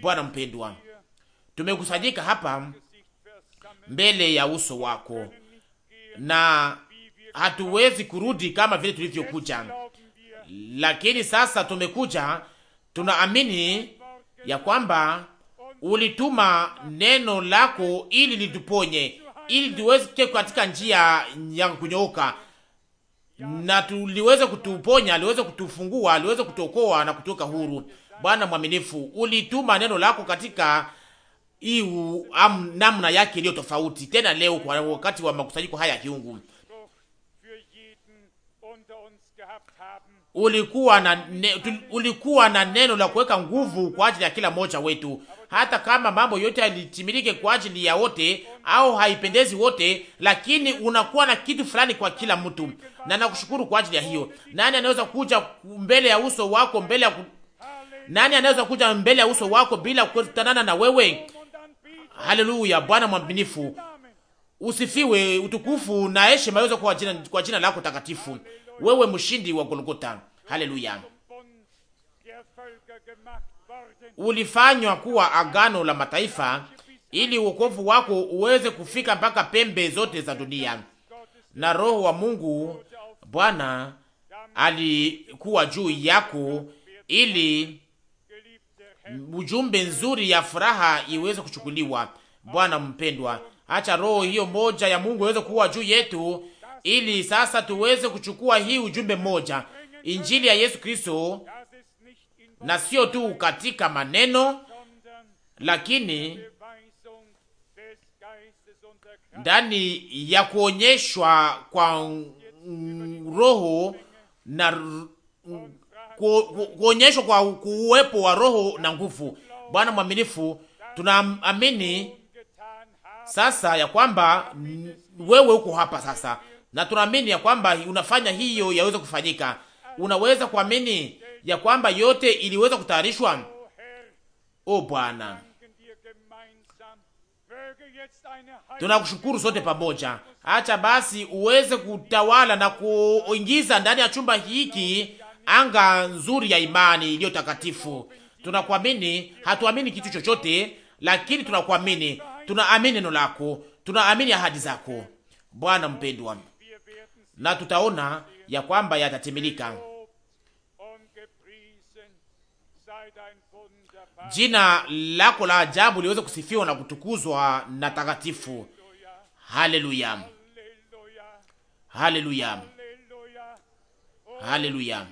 Bwana mpendwa, tumekusanyika hapa mbele ya uso wako na hatuwezi kurudi kama vile tulivyokuja, lakini sasa tumekuja, tunaamini ya kwamba ulituma neno lako ili lituponye, ili tuweze katika njia ya kunyooka, na tuliweze kutuponya, liweze kutufungua, liweze kutuokoa na kutoka huru. Bwana mwaminifu, ulituma neno lako katika am, namna yake iliyo tofauti tena leo, kwa wakati wa makusanyiko haya ya kiungu. ulikuwa na, ne, ulikuwa na neno la kuweka nguvu kwa ajili ya kila mmoja wetu, hata kama mambo yote yalitimilike kwa ajili ya wote au haipendezi wote, lakini unakuwa na kitu fulani kwa kila mtu, na nakushukuru kwa ajili ya hiyo. Nani anaweza kuja mbele ya uso wako mbele ya ku... nani anaweza kuja mbele ya uso wako bila kutanana na wewe? Haleluya! Bwana mwaminifu, usifiwe. Utukufu na heshima yote kwa jina, kwa jina lako takatifu wewe mshindi wa Golgota. Haleluya! Ulifanywa kuwa agano la mataifa ili wokovu wako uweze kufika mpaka pembe zote za dunia, na Roho wa Mungu Bwana alikuwa juu yako ili ujumbe nzuri ya furaha iweze kuchukuliwa. Bwana mpendwa, acha roho hiyo moja ya Mungu iweze kuwa juu yetu ili sasa tuweze kuchukua hii ujumbe mmoja, injili ya Yesu Kristo, na sio tu katika maneno, lakini ndani ya kuonyeshwa kwa roho na kuonyeshwa kwa kuwepo wa roho na nguvu. Bwana mwaminifu, tunaamini sasa ya kwamba wewe uko hapa sasa na tunaamini ya kwamba unafanya hiyo yaweze kufanyika. Unaweza kuamini ya kwamba yote iliweza kutayarishwa. O Bwana, tunakushukuru sote pamoja. Acha basi uweze kutawala na kuingiza ndani ya chumba hiki anga nzuri ya imani iliyo takatifu. Tunakuamini, hatuamini kitu chochote, lakini tunakuamini. Tunaamini neno lako, tunaamini ahadi zako, Bwana mpendwa na tutaona ya kwamba yatatimilika. Jina lako la ajabu liweze kusifiwa na kutukuzwa na takatifu. Haleluya, haleluya, haleluya!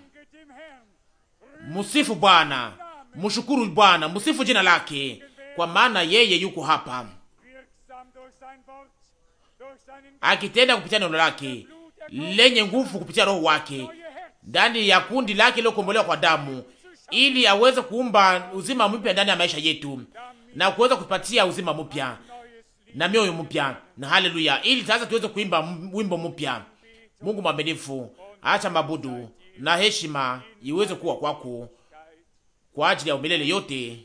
Musifu Bwana, mshukuru Bwana, musifu jina lake, kwa maana yeye yuko hapa akitenda kupitia neno lake lenye nguvu kupitia roho wake ndani ya kundi lake lilokombolewa kwa damu, ili aweze kuumba uzima mpya ndani ya maisha yetu na kuweza kupatia uzima mpya na mioyo mpya na haleluya, ili sasa tuweze kuimba wimbo mpya. Mungu mwaminifu, acha mabudu na heshima iweze kuwa kwako kwa ajili ya umilele yote.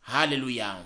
Haleluya.